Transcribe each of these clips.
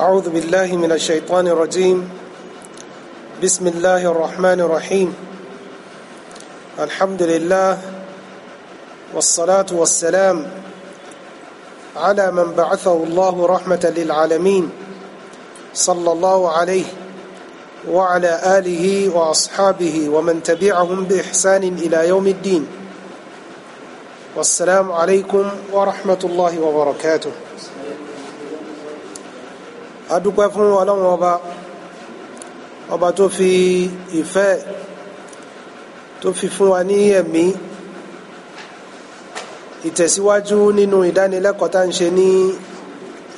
أعوذ بالله من الشيطان الرجيم بسم الله الرحمن الرحيم الحمد لله والصلاة والسلام على من بعثه الله رحمة للعالمين صلى الله عليه وعلى آله وأصحابه ومن تبعهم بإحسان إلى يوم الدين والسلام عليكم ورحمة الله وبركاته adúpẹ́ fún ọlọ́run ọba ọba tó fi ìfẹ́ tó fi fún wa ní ẹ̀mí ìtẹ̀síwájú nínú ìdánilẹ́kọ̀ọ́ tá ń ṣe ní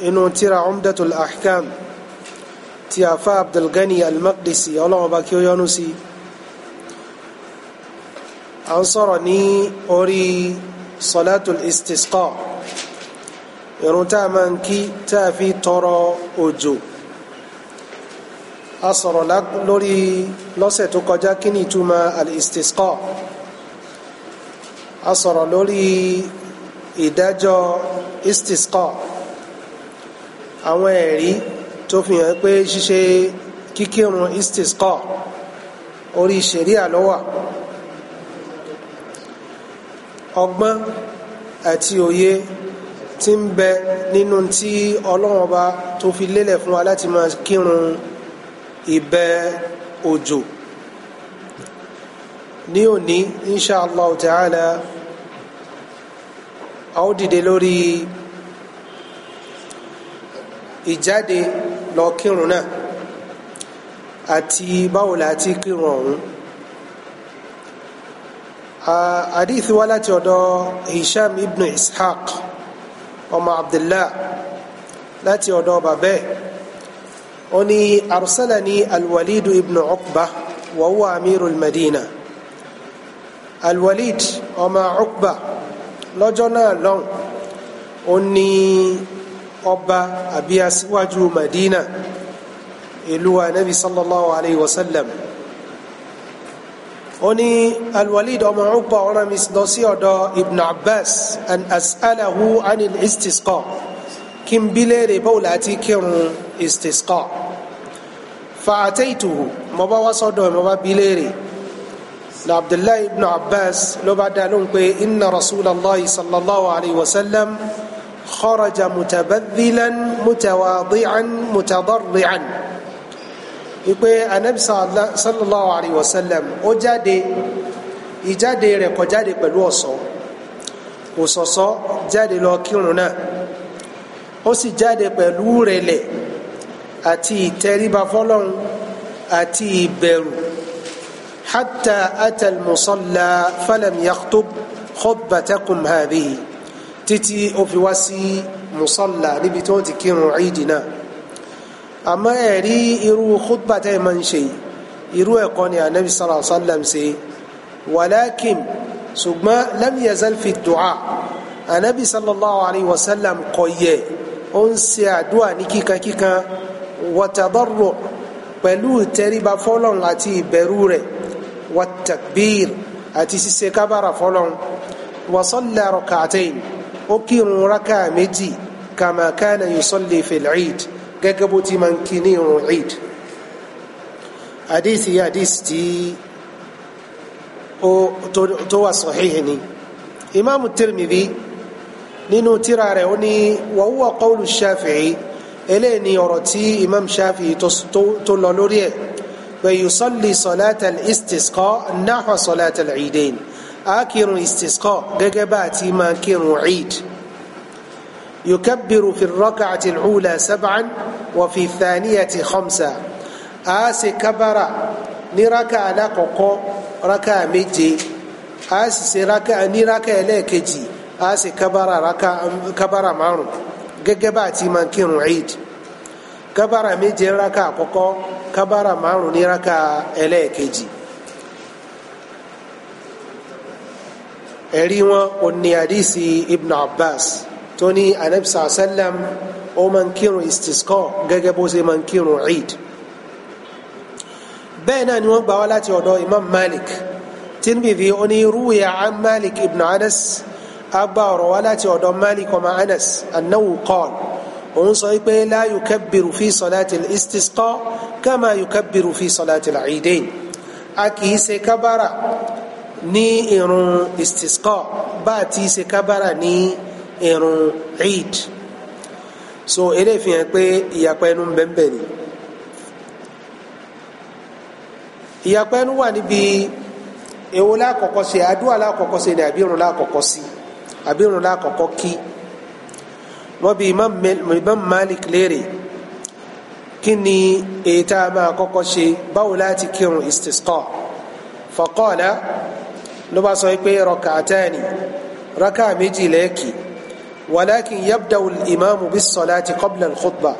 inú tírà umdatul ahkam ti afa abdulgani almaqdisi ọlọ́run ọba kí ó yọ́nú sí à ń sọ̀rọ̀ ní orí salatul istisqa ìrun tá a máa ń kí tá a fi tọrọ òjò a sọ̀rọ̀ lórí lọ́sẹ̀ tó kọjá kí ni ìtumọ̀ al-istisqa a sọ̀rọ̀ lórí ìdájọ́ istisqa àwọn ẹ̀rí tó fi hàn pé ṣíṣe kíkírun istisqa orí ṣẹ̀ríà ló ọgbọ́n àti òye tí ń bẹ nínú tí ọlọ́run ọba tó fi lélẹ̀ fún wa láti máa kírun ìbẹ òjò ní òní insha Allah ta'ala a ó dìde lórí ìjáde lọ kírun náà àti báwo la ti kírun ọ̀hún àdìsí wa láti ọ̀dọ̀ Hisham ibn Ishaq ọmọ abdullah láti ọ̀dọ̀ bàbẹ́ ó ní arsalani alwalidu ibn uqba wa huwa amiru almadina alwalid ọmọ uqba lọ́jọ́ náà lọ́hùn ó ní ọba àbí aṣíwájú madina ìlú anabi sallallahu alayhi wa sallam oni alwalid ọmọ ọgbà ọ̀ràn mi lọ sí ọ̀dọ̀ ibn abbas an as'alahu anil istisqa kí n bí léèrè báwo láti kírun istisqa fa'ataituhu mo bá wá sọ́dọ̀ mo bá bí léèrè na abdullahi ibn abbas ló bá dá lóhùn pé inna rasulallah sallallahu alayhi wa sallam kharaja mutabadhilan mutawadi'an mutadarri'an wípé anabi sallallahu alayhi wa sallam ó jáde ìjáde rẹ̀ kò jáde pẹ̀lú ọ̀ṣọ́ kò ṣọ̀ṣọ́ jáde lọ kírun náà ó sì jáde pẹ̀lú rẹ̀lẹ̀ àti ìtẹríba fọ́lọ́run àti ìbẹ̀rù hatta atal musalla falam yaktub khutbatakum hadhihi títí ó fi wá sí musalla níbi tó ti kírun ìdí àmọ́ ẹ̀rí irú khutba tẹ́ ẹ máa ń ṣe irú ẹ̀kọ́ ni anabi sallallahu alayhi wa sallam ṣe walakin ṣùgbọ́n lam yazal fi du'a anabi sallallahu alayhi wa sallam kò yẹ̀ ó ń ṣe àdúrà ní kíkankíkan wa tadarru pẹ̀lú ìtẹríba fọlọ́n àti ìbẹ̀rù rẹ̀ wa takbir àti ṣíṣe kábàrà fọlọ́n wa kama kana yusalli fil eid gẹ́gẹ́ bó ti máa ń kí ní irun eid hadith yìí hadith tí ó tó wà sahih ni imaamu tirmidhi nínú tírà rẹ̀ ó ní wa huwa qawlu shafi'i eléyìí ni ọ̀rọ̀ tí imam shafi'i tó lọ lórí ẹ̀ pé yusalli salata al-istisqa nahwa salata al-eidain a gẹ́gẹ́ bá ti máa kírun eid. يكبر في الركعة الأولى سبعا وفي الثانية خمسة آسي كبرا نركع لقوقو ركع ميتي آسي ركع نركع لكجي آسي كبرا ركع كبرا مارو ججباتي من كينو عيد kábàrà méje rákà àkọ́kọ́ kábàrà márùn ní rákà ẹlẹ́ẹ̀kejì ẹ̀rí wọn ò ní àdísì ibn abbas tó ní anabisa sallam ó máa ń kírun istisqa gẹ́gẹ́ bó ṣe máa ń kírun eid bẹ́ẹ̀ náà ni wọ́n gbà wá láti ọ̀dọ̀ imam malik tinbifi ó ní ruwiya an malik ibn anas agba ọ̀rọ̀ wá láti ọ̀dọ̀ malik ọmọ anas annahu qala òun sọ pé la yukabbiru fi salati istisqa kama yukabbiru fi salati al a kì ṣe kábàrà ní irun istisqa bá a ti ṣe kábàrà ní irun eid so eré fi hàn pé ìyapa ẹnu bẹ́ẹ̀nbẹ́ẹ̀ ni ìyapa ẹnu wà níbi èwo lákọ̀ọ́kọ́ ṣe àdúrà lákọ̀ọ́kọ́ ṣe ni àbí irun lákọ̀ọ́kọ́ sí àbí irun lákọ̀ọ́kọ́ kí wọ́n bi Imam Malik léèrè kí ni èyí tá a ṣe báwo láti kírun istisqa faqala ló bá sọ pé rak'atani rákà méjì lẹ́ẹ̀kì walakin yabda'u al-imamu bis-salati qabla al-khutbah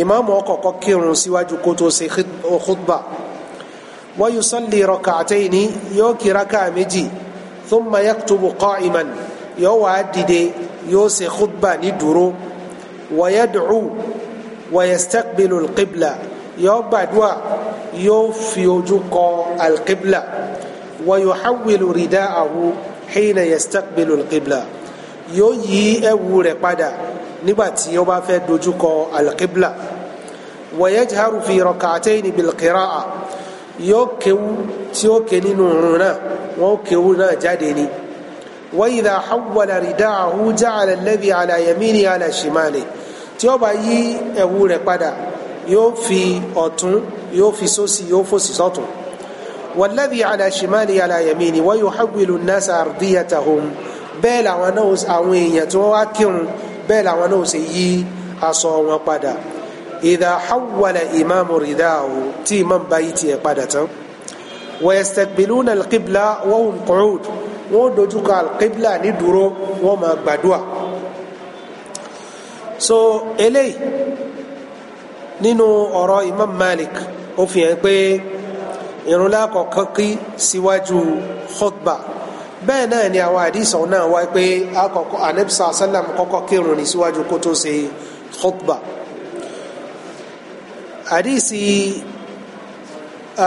ìmáàmù ọkọ̀ọ̀kọ́ kírun síwájú kó tó ṣe khutba wa yusalli rak'atayni yóò kí rákà méjì thumma yaktubu qa'iman yóò wá dìde yóò ṣe khutba ní dúró wa yad'u wa yastaqbilu al-qibla yóò gbàdúrà yóò fi ojú kọ al-qibla wa yuhawwilu rida'ahu hina yastaqbilu al-qibla yóò yí ẹ̀wù rẹ̀ padà nígbà tí ó bá fẹ́ dojúkọ alqibla wa yajharu fi rak'atayn bil qira'a yóò kéwú tí ó ké nínú òrùn náà wọn ó kéwú náà jáde ni wa idha hawwala rida'ahu ja'ala alladhi 'ala yamini 'ala shimali tí ó bá yí ẹ̀wù rẹ̀ padà yóò fi ọ̀tún yóò fi sósì yóò fòsì sọ́tún walladhi 'ala shimali 'ala yamini wa yuhawwilu an-nasa ardiyatahum bẹ́ẹ̀ làwọn náà àwọn èèyàn tí wọ́n wá kírun bẹ́ẹ̀ làwọn náà ṣe yí aṣọ wọn padà ìdá hawala ìmáàmù rìdá o tí imam bá yí tiẹ̀ padà tán wayastakbiluna alqibla wa hum wọ́n dojú kọ alqibla ní dúró wọ́n máa gbàdúà so eléyìí nínú ọ̀rọ̀ imam malik ó fi hàn pé ìrúnlá kọ̀ọ̀kan kí síwájú khutbah bẹ́ẹ̀ náà ni àwọn àdìsàn náà wá pé àkọ́kọ́ anabisa asalam kọ́kọ́ kírun ní síwájú kó tó ṣe khutba àdìsí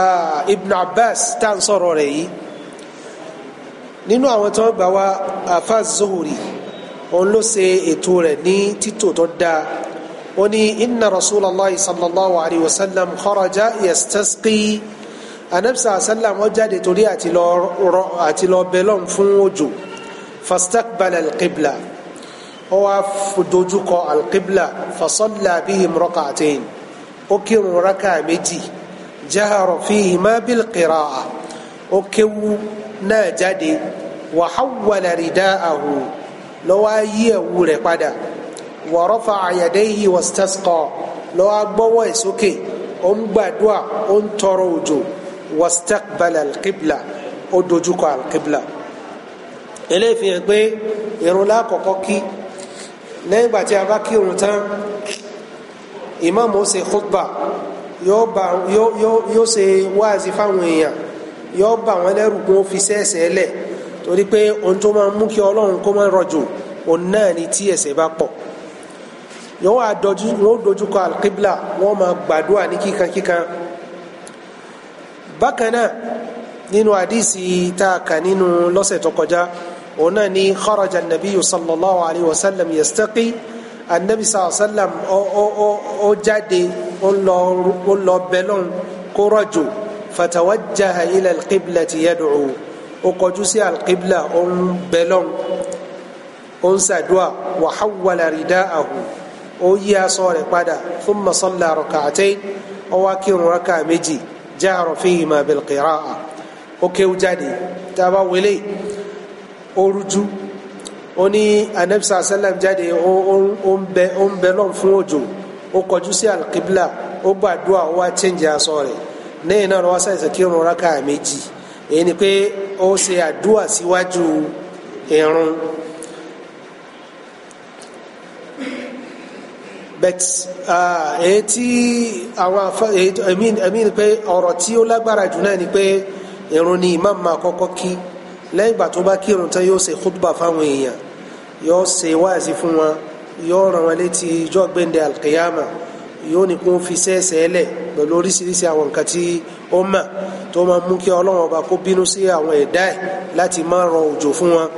ah, ibn abbas tá à ń sọ̀rọ̀ rẹ̀ yìí nínú àwọn tó ń gbà wá afa zuhuri òun ló ṣe ètò rẹ̀ ní títò tó dáa ó ní inna rasulallah sallallahu alayhi wa sallam kharaja yastasqi anabisa asalam ó jáde torí àti lọ rọ àti lọ bẹ lọ́n fún òjò fastakbala alqibla ó wá dojúkọ alqibla fasalla bihim rak'atayn ó kírun raka méjì jahara fihima bilqira'a ó kéwu náà jáde wa hawwala rida'ahu lọ́wọ́ yí ẹ̀wù rẹ̀ padà wa rafa'a yadayhi wastasqa lọ́wọ́ gbọ́wọ́ ẹ̀ sókè ó ń gbàdúrà ó ń wastaqbala alqibla ó dojúkọ alqibla eléyìí في hàn pé irun lákọ̀ọ́kọ́ kí lẹ́yìn ìgbà tí a bá kí irun tán ìmáàmù ó ṣe khutba yóò bá yóò yóò yóò ṣe wáàzí fáwọn èèyàn yóò bá wọn lẹ́rù kó fi sẹ́ẹ̀sẹ̀ lẹ̀ torí pé ohun tó máa ń mú kí ọlọ́run kó máa rọ̀jò òun náà ni tí ẹ̀ṣẹ̀ bá pọ̀ yóò wá dojú wọn ó dojú kọ alqibla wọn máa gbàdúrà ní kíkankíkan bákan náà nínú àdìsí tá a kà nínú lọ́sẹ̀ tó kọjá òun náà ní kharaja nabiyu sallallahu alayhi wa sallam yastaqi anabi sallallahu alayhi wa sallam ó jáde ó lọ bẹlọ́n kó rọ̀jò fatawajjaha ila alqiblati yad'u ó kọjú sí alqibla ó ń bẹlọ́n ó ń ṣàdúà wa hawwala ridaahu ó yí aṣọ rẹ̀ padà thumma salla rak'atayn ó kírun rákà méjì. جار فيهما بالقراءة وكيو جادي تابا ولي أرجو oni anabisa asalam jáde ó ń bẹ ó ń bẹ lọ́n fún òjò ó kọjú sí alikibla ó gbàdúrà ó wá chẹ́ǹjì aṣọ rẹ̀ lẹ́yìn náà wọ́n ṣàìsàn kí irun rákà méjì èyí ni pé ó ṣe àdúrà síwájú irun but uh, èyí tí àwọn afa èmi ni pé ọ̀rọ̀ tí ó lágbára jù náà ni pé irun ni imam máa kọ́kọ́ kí lẹ́yìn ìgbà tó bá kírun tán yóò ṣe khutba fáwọn èèyàn yóò ṣe wáàsí fún wọn yóò ràn wọn létí ijó gbẹ̀ndẹ̀ alkiyama yóò ní kó fi sẹ́ẹ̀sẹ̀ lẹ̀ pẹ̀lú oríṣiríṣi àwọn nǹkan tí ó mà tó máa mú kí ọlọ́run ọba kó bínú sí àwọn ẹ̀dá ẹ̀ láti má rọ òjò fún wọn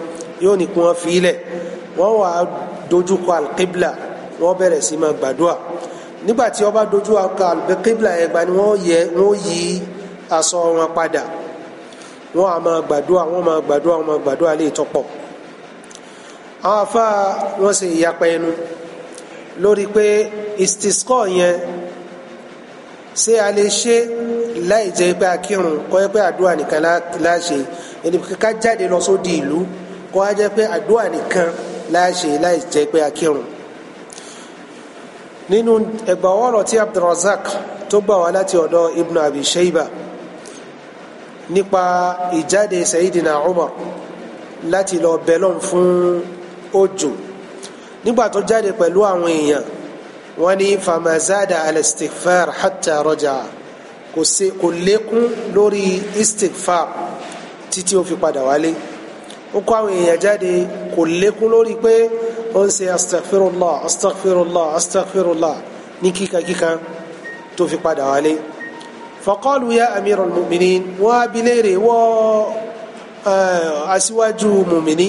yóò ní kó fi lẹ̀ wọ́n wàá dojúkọ alqibla wọ́n bẹ̀rẹ̀ sí máa gbàdúrà nígbà tí wọ́n bá dojú akọ àlùbẹ́kẹ́bìlà ẹ̀gbà ni wọ́n yẹ wọ́n yí aṣọ wọn padà wọ́n á máa gbàdúrà wọ́n máa gbàdúrà wọ́n máa gbàdúrà lè tọ́pọ̀ àwọn afá wọn ṣe ìyapa ẹnu lórí pé istisqa yẹn ṣé a lè ṣe láì jẹ́ pé akírun kọ́ ẹ pé àdúrà nìkan láṣe ẹni jáde lọ sóde ìlú kọ́ ẹ jẹ́ pé àdúrà nìkan láṣe láì jẹ́ pé akírun nínú ẹgbàwọ́rọ̀ tí abdulrazak tó gbà wá láti ọ̀dọ̀ ibn abi shayba nípa ìjáde sayidina umar láti lọ bẹlọ́n fún òjò nígbà tó jáde pẹ̀lú àwọn èèyàn wọ́n ní famazada al-istighfar hatta raja kò lékún lórí istighfar títí ó fi padà wálé ó kó àwọn èèyàn jáde kò lékún lórí pé ó ń ṣe astaghfirullah astaghfirullah astaghfirullah ní kíka kíka tó fi padà wálé faqalu ya amiral mu'minin wọ́n á bi léèrè wọ́ aṣíwájú mùmíní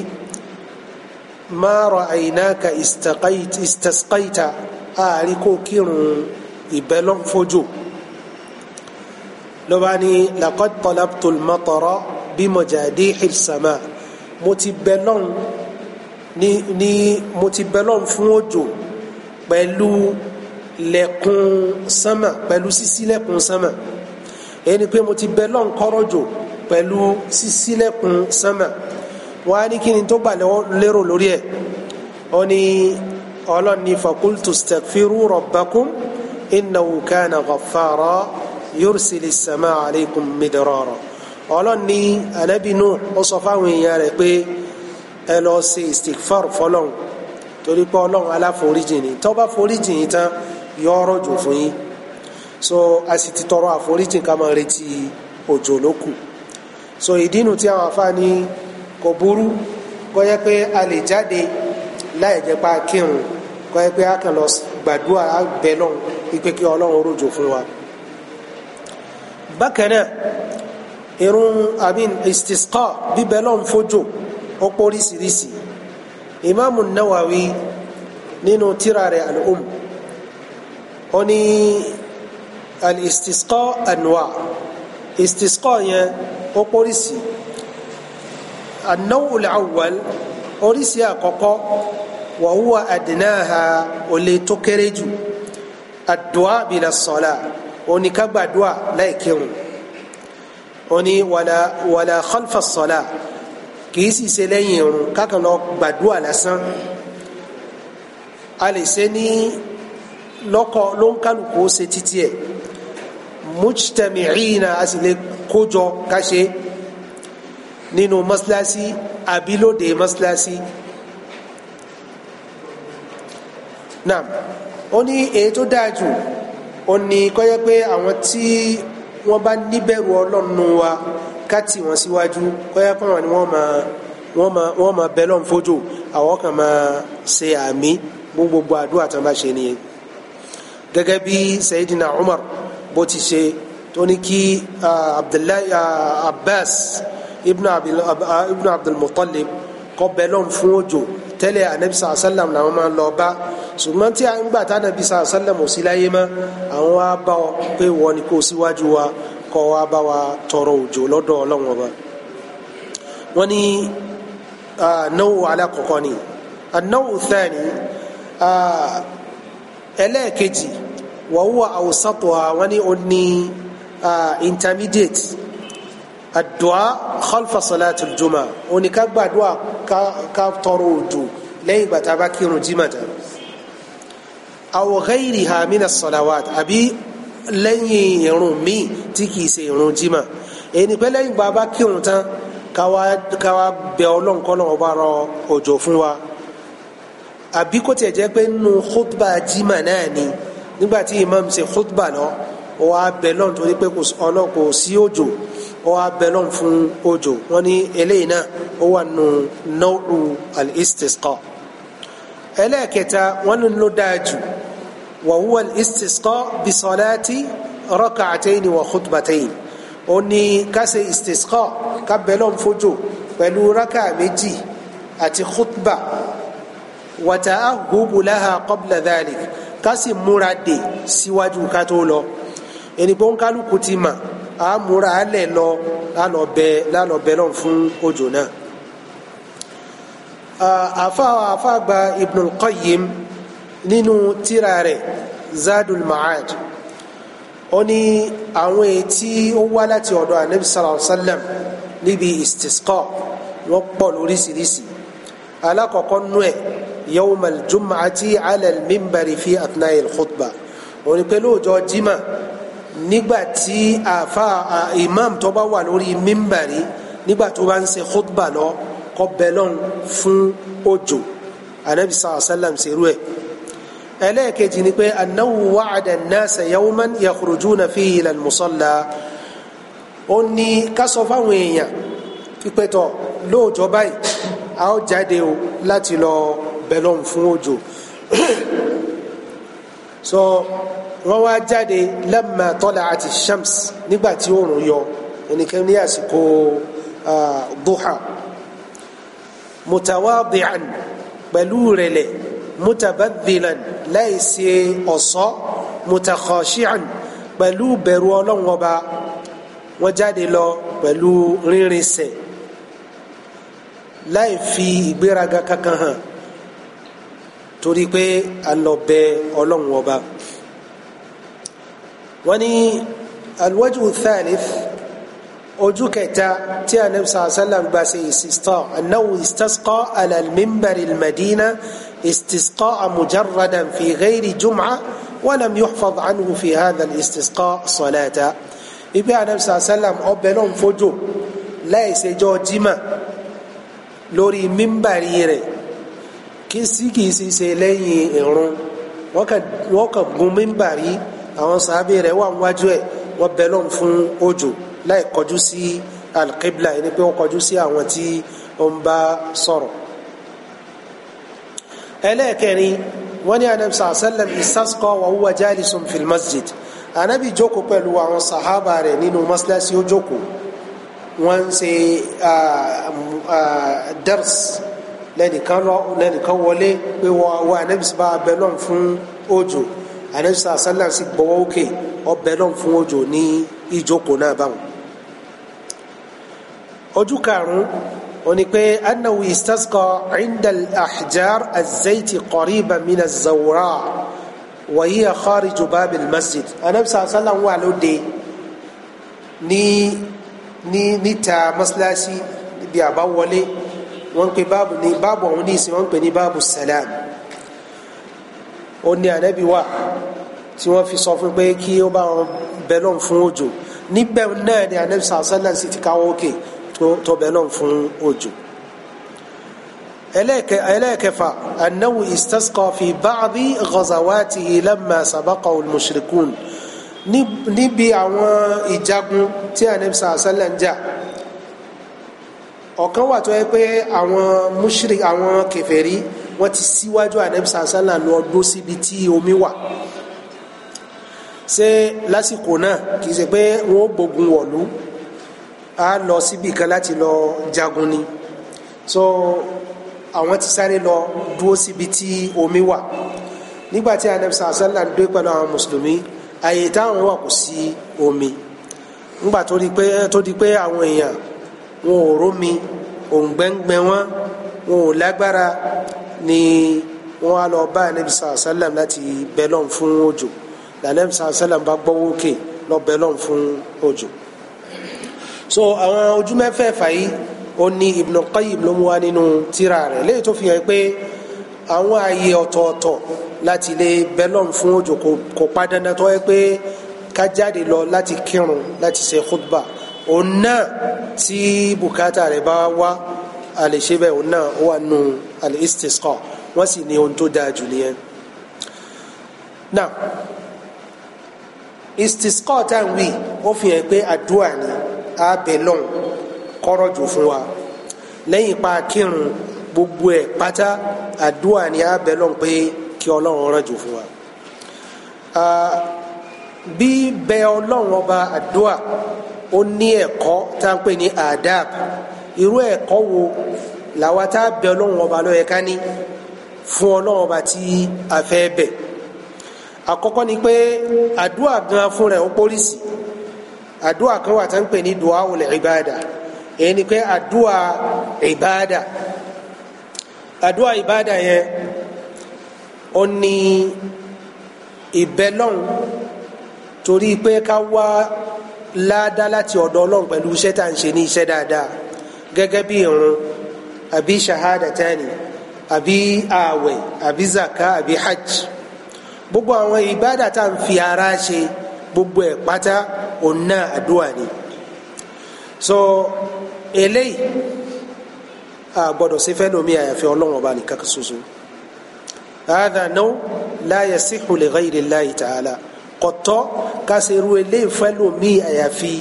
ma ra'aynaka istasqaita àárí kó kírun ìbẹ́lọ́n fojú ló bá ní laqad talabtul matara bí mọ̀jáde mo ti bẹ́lọ́n ni ni mo ti bẹlọ́n fún òjò pẹ̀lú lẹ́kùn sánmà pẹ̀lú sísí lẹ́kùn sánmà èyí ni pé mo ti bẹlọ́n kọ́rọ̀jò pẹ̀lú sísí lẹ́kùn sánmà wọ́n á ní kí ni tó gbà lérò lórí ẹ̀ ó ní ọlọ́ni fakultu stakfiru rabbakum innahu kana ghaffara yorùsílì sàmà alaykum midrara ọlọ́ni anabi nù sọ fáwọn èèyàn rẹ̀ pé ẹ lọ ṣe istikfar fọlọ́n torí pé ọlọ́run aláforíjì ni tó bá foríjì yìí tán yọ ọrọ̀ jù fún yín so a sì ti tọrọ àforíjì ká máa retí òjò lókù so ìdínú tí àwọn afáàní kò burú kó yẹ pé a lè jáde láì jẹ́ pé a kírun kó yẹ pé a kàn lọ gbàdúrà bẹ lọ́hùn ipe kí ọlọ́run rọ̀jò fún wa. bákan náà irun àbí istisqa bíbẹ lọ́hùn fójò ó póríṣiríṣi ìmáàmù Nawawi nínú tírà rẹ̀ al-Umm ó ní al-istisqa anwa istisqa yẹn ó póríṣi an-naw' al-awwal oríṣi àkọ́kọ́ wa huwa adnaha ó lè tó kéré jù ad-du'a bila salat oni ká wàlà wàlà khalfa salat kìí sì ṣe lẹ́yìn irun kákan lọ gbàdúrà lásán a lè ṣe ní lọ́kọ̀ ló ń kálukú ṣe títí ẹ̀ mujtami'ina a sì lè kójọ káṣe nínú mọ́sálásí àbí lóde mọ́sálásí. naam ó ní èyí tó dáa jù ó ní kó pé àwọn tí wọ́n bá níbẹ̀rù Ọlọ́run wa ká tì wọ́n síwájú kọ́yá pọ́n wọn ni wọ́n máa wọ́n máa wọ́n máa bẹ lọ́n àwọn kan máa ṣe àmì gbogbo àdúrà tán bá ṣe nìyẹn gẹ́gẹ́ bí Sayyidina Umar bó ti ṣe tó ní kí Abdullahi Abbas ibn Abdulmuttalib kọ́ bẹ lọ́n fún òjò tẹ́lẹ̀ anabi sàlá sàlám làwọn máa lọ bá ṣùgbọ́n tí a ń gbà tá anabi sàlá sàlám ò sí láyé mọ́ àwọn á bá ọ pé wọ́n ni kò síwájú wa kó wá bá wa tọrọ òjò lọ́dọ̀ ọlọ́run ọba wọ́n ní náwó alákọ̀ọ́kọ́ ni anáwó thani ẹlẹ́ẹ̀kejì wọ́n wà àwòsàtò àwọn ní òní intermediate àdùá khalfa salatul juma òní ká gbàdúrà ká tọrọ òjò lẹ́yìn ìgbà tá a bá kírun jimata aw ghayriha mina salawat àbí lẹ́yìn irun míì tí kìí ṣe irun jimá ẹni pé lẹ́yìn bàbá kírun tán káwa káwa bẹ ọlọ́nkọ́nà ọba rọ òjò fún wa àbí kò tiẹ̀ jẹ́ pé nínú khutba jimá náà ni nígbà tí imam ṣe khutba lọ ó wá bẹ lọ́n torí pé ọlọ́n kò sí òjò ó wá bẹ lọ́n fún òjò wọ́n ní eléyìí náà ó wà nù náwó al-istisqa ẹlẹ́ẹ̀kẹta wọ́n ní ló dáa jù. وهو الاستسقاء بصلاة ركعتين وخطبتين oni kase istisqa kabelon fojo pẹ̀lú raka méjì àti khutba wa ta'ahhubu laha qabla dhalik kasi múra dè síwájú ká tó lọ ẹni pé onkaluku ti mà á múra á lẹ̀ lọ lálọ́bẹ lálọ́bẹ lọ́n fún òjò náà àfa àfa gba Ibnul Qayyim nínú tírà rẹ̀ zadul ma'ad ó ní àwọn etí ó wá láti ọ̀dọ̀ anabi sallallahu alayhi wa sallam níbi istisqa wọ́n pọ̀ lóríṣiríṣi alákọ̀ọ́kọ́ nú ẹ̀ yawmal jum'ati ala al-minbari fi athnai al-khutba òun ni pé lóòjọ́ jimá nígbà tí àfa imam tó bá wà lórí minbari nígbà tó bá ń ṣe khutba lọ kó bẹ fún òjò anabi sallallahu alayhi wa sallam ṣerú ẹ̀ ẹlẹ́ẹ̀kejì ni pé annahu wa'ada an-nasa yawman yakhrujuna fihi ila al-musalla ó ní ká sọ fáwọn èèyàn pípẹ́tọ̀ lóòjọ́ báyìí a ó jáde o láti lọ bẹ̀lọ́n fún òjò so wọ́n wá jáde lamma tala'ati shams nígbà tí oòrùn yọ ẹnikẹ́ni ní àsìkò ah, duha mutawadi'an pẹ̀lú rẹ̀lẹ̀ mutababilan láì ṣe ọ̀ṣọ́ mutakhashian pẹ̀lú bẹ̀rù ọlọ́run ọba wọ́n jáde lọ pẹ̀lú rínrin sẹ̀ láì fi ìgbéraga kankan hàn torí pé alọ̀bẹ ọlọ́run ọba wọ́n ní alwajhu thalith ojú kẹta tí anabi sallallahu alayhi sallam gba ṣe istisqa annahu istasqa madina استسقاء مجردا في غير جمعة ولم يحفظ عنه في هذا الاستسقاء صلاة ibi anabi sàlá sàlám ọbẹ náà ń fojú láìsèjọ jimá lórí mímbàrí rẹ̀ kí sí kìí sì ṣe lẹ́yìn ìrun wọn kàn gun mímbàrí àwọn sàábì rẹ̀ wà wájú ẹ̀ wọn bẹ náà fún òjò láì kọjú sí alqibla ẹni pé wọn kọjú sí àwọn tí ó ń bá sọ̀rọ̀ ẹlẹ́ẹ̀kẹrin wọ́n ní anabi sàlá sẹ́lẹ̀m ìsásùkọ́ wa huwa jalisun fil masjid anabi jókòó pẹ̀lú àwọn sàhábà rẹ̀ nínú mọ́sálásí ó jókòó wọ́n ń ṣe dars lẹ́nìkan lọ lẹ́nìkan wọlé pé wọ́n anabi sàbá abẹ́ lọ́n fún òjò anabi sàlá sẹ́lẹ̀m sì gbọ́wọ́ òkè ọbẹ̀ fún òjò ní ìjókòó náà báwọn. ojú karùn-ún oni pé annahu istasqa inda al-ahjar az-zayti qariba min az-zawra wa hiya kharij bab al-masjid anabi sallallahu wa lóde ní ní níta masalasi bí a bá wọlé wọ́n pè báàbù ní báàbù ọ̀hún ní ìsìn wọ́n pè ní báàbù salam ó ní anabi wa tí wọ́n fi sọ fún pé kí ó bá wọn bẹlọ́n fún òjò níbẹ̀ náà ni anabi sallallahu sì ti káwọ́ òkè tọbẹ̀ náà fún òjò ẹlẹ́ẹ̀kẹfà annahu istasqa fi ba'di ghazawatihi lamma sabaqahu al-mushrikun níbi àwọn ìjagun tí anabi sàásẹ́lẹ̀ ń jà ọ̀kan wà tó yẹ pé àwọn mushrik àwọn kèfèrí wọ́n ti síwájú anabi sàásẹ́lẹ̀ lọ dó síbi tí omi wà ṣé lásìkò náà kì í ṣe pé wọ́n gbógun wọ̀lú a lọ síbi kan láti lọ jagun ni so àwọn ti sáré lọ dúró síbi tí omi wà nígbà tí anabi sàásánlá dé pẹ̀lú àwọn mùsùlùmí àyè táwọn wà kò sí omi ńgbà tó di pé tó di pé àwọn èèyàn wọn ò rómi òǹgbẹ́ngbẹ́ wọn wọn ò lágbára ni wọn á lọ bá anabi sàásánlá láti bẹ lọ́n fún òjò anabi sàásánlá bá gbọ́wọ́ òkè lọ bẹ fún òjò so àwọn ojú mẹ́fẹ̀ẹ̀fà yìí ó ní Ibn Qayyim ló mú wá nínú tírà rẹ̀ léyìí tó fi hàn pé àwọn ààyè ọ̀tọ̀ọ̀tọ̀ láti lè bẹ́lọ̀n fún òjò kò pa dandan tó yẹ pé ká jáde lọ láti kírun láti ṣe khutba òun náà tí bùkátà rẹ̀ bá wá a òun náà ó wà nù al-istisqa wọ́n sì ní ohun tó dáa jù nìyẹn. now istisqa tá à wí ó fi hàn pé àdúrà ni abẹ lọ́n kọ́rọ̀ jù fún wa lẹ́yìn pa kírun gbogbo ẹ̀ pátá àdúrà ni abẹ lọ́n pé kí ọlọ́run rọ̀ jù fún wa. bí bẹ ọlọ́run ọba àdúrà ó ní ẹ̀kọ́ tá à ń pè ní adab irú ẹ̀kọ́ wo làwa tá a bẹ ọlọ́run ọba lọ́yẹ ká ní fún ọlọ́run ọba tí a fẹ́ bẹ̀ àkọ́kọ́ ni pé àdúrà gan fún rẹ̀ ó pólísì àdúà kan wà tá ń pè ní dùá wòlẹ̀ ìbáàdà èyí ni pé àdúà ìbáàdà àdúà ìbáàdà yẹn ó ní ìbẹ́lọ́n torí pé ká wá láàdá láti ọ̀dọ̀ ọlọ́run pẹ̀lú iṣẹ́ tá à ń ṣe ní iṣẹ́ dáadáa gẹ́gẹ́ bí irun àbí shahadatani àbí ààwẹ̀ àbí zaka àbí hajj gbogbo àwọn ìbáàdà tá à ń fi ara ṣe gbogbo ẹ̀ pátá òun náà ni so eléyìí a gbọ́dọ̀ ṣe fẹ́ lómi àyàfi Ọlọ́run ọba nìkan ṣoṣo hadha náà la yasihu li ghayri Allahi ta'ala kọtọ ká ṣe irú eléyìí fẹ́ lómi àyàfi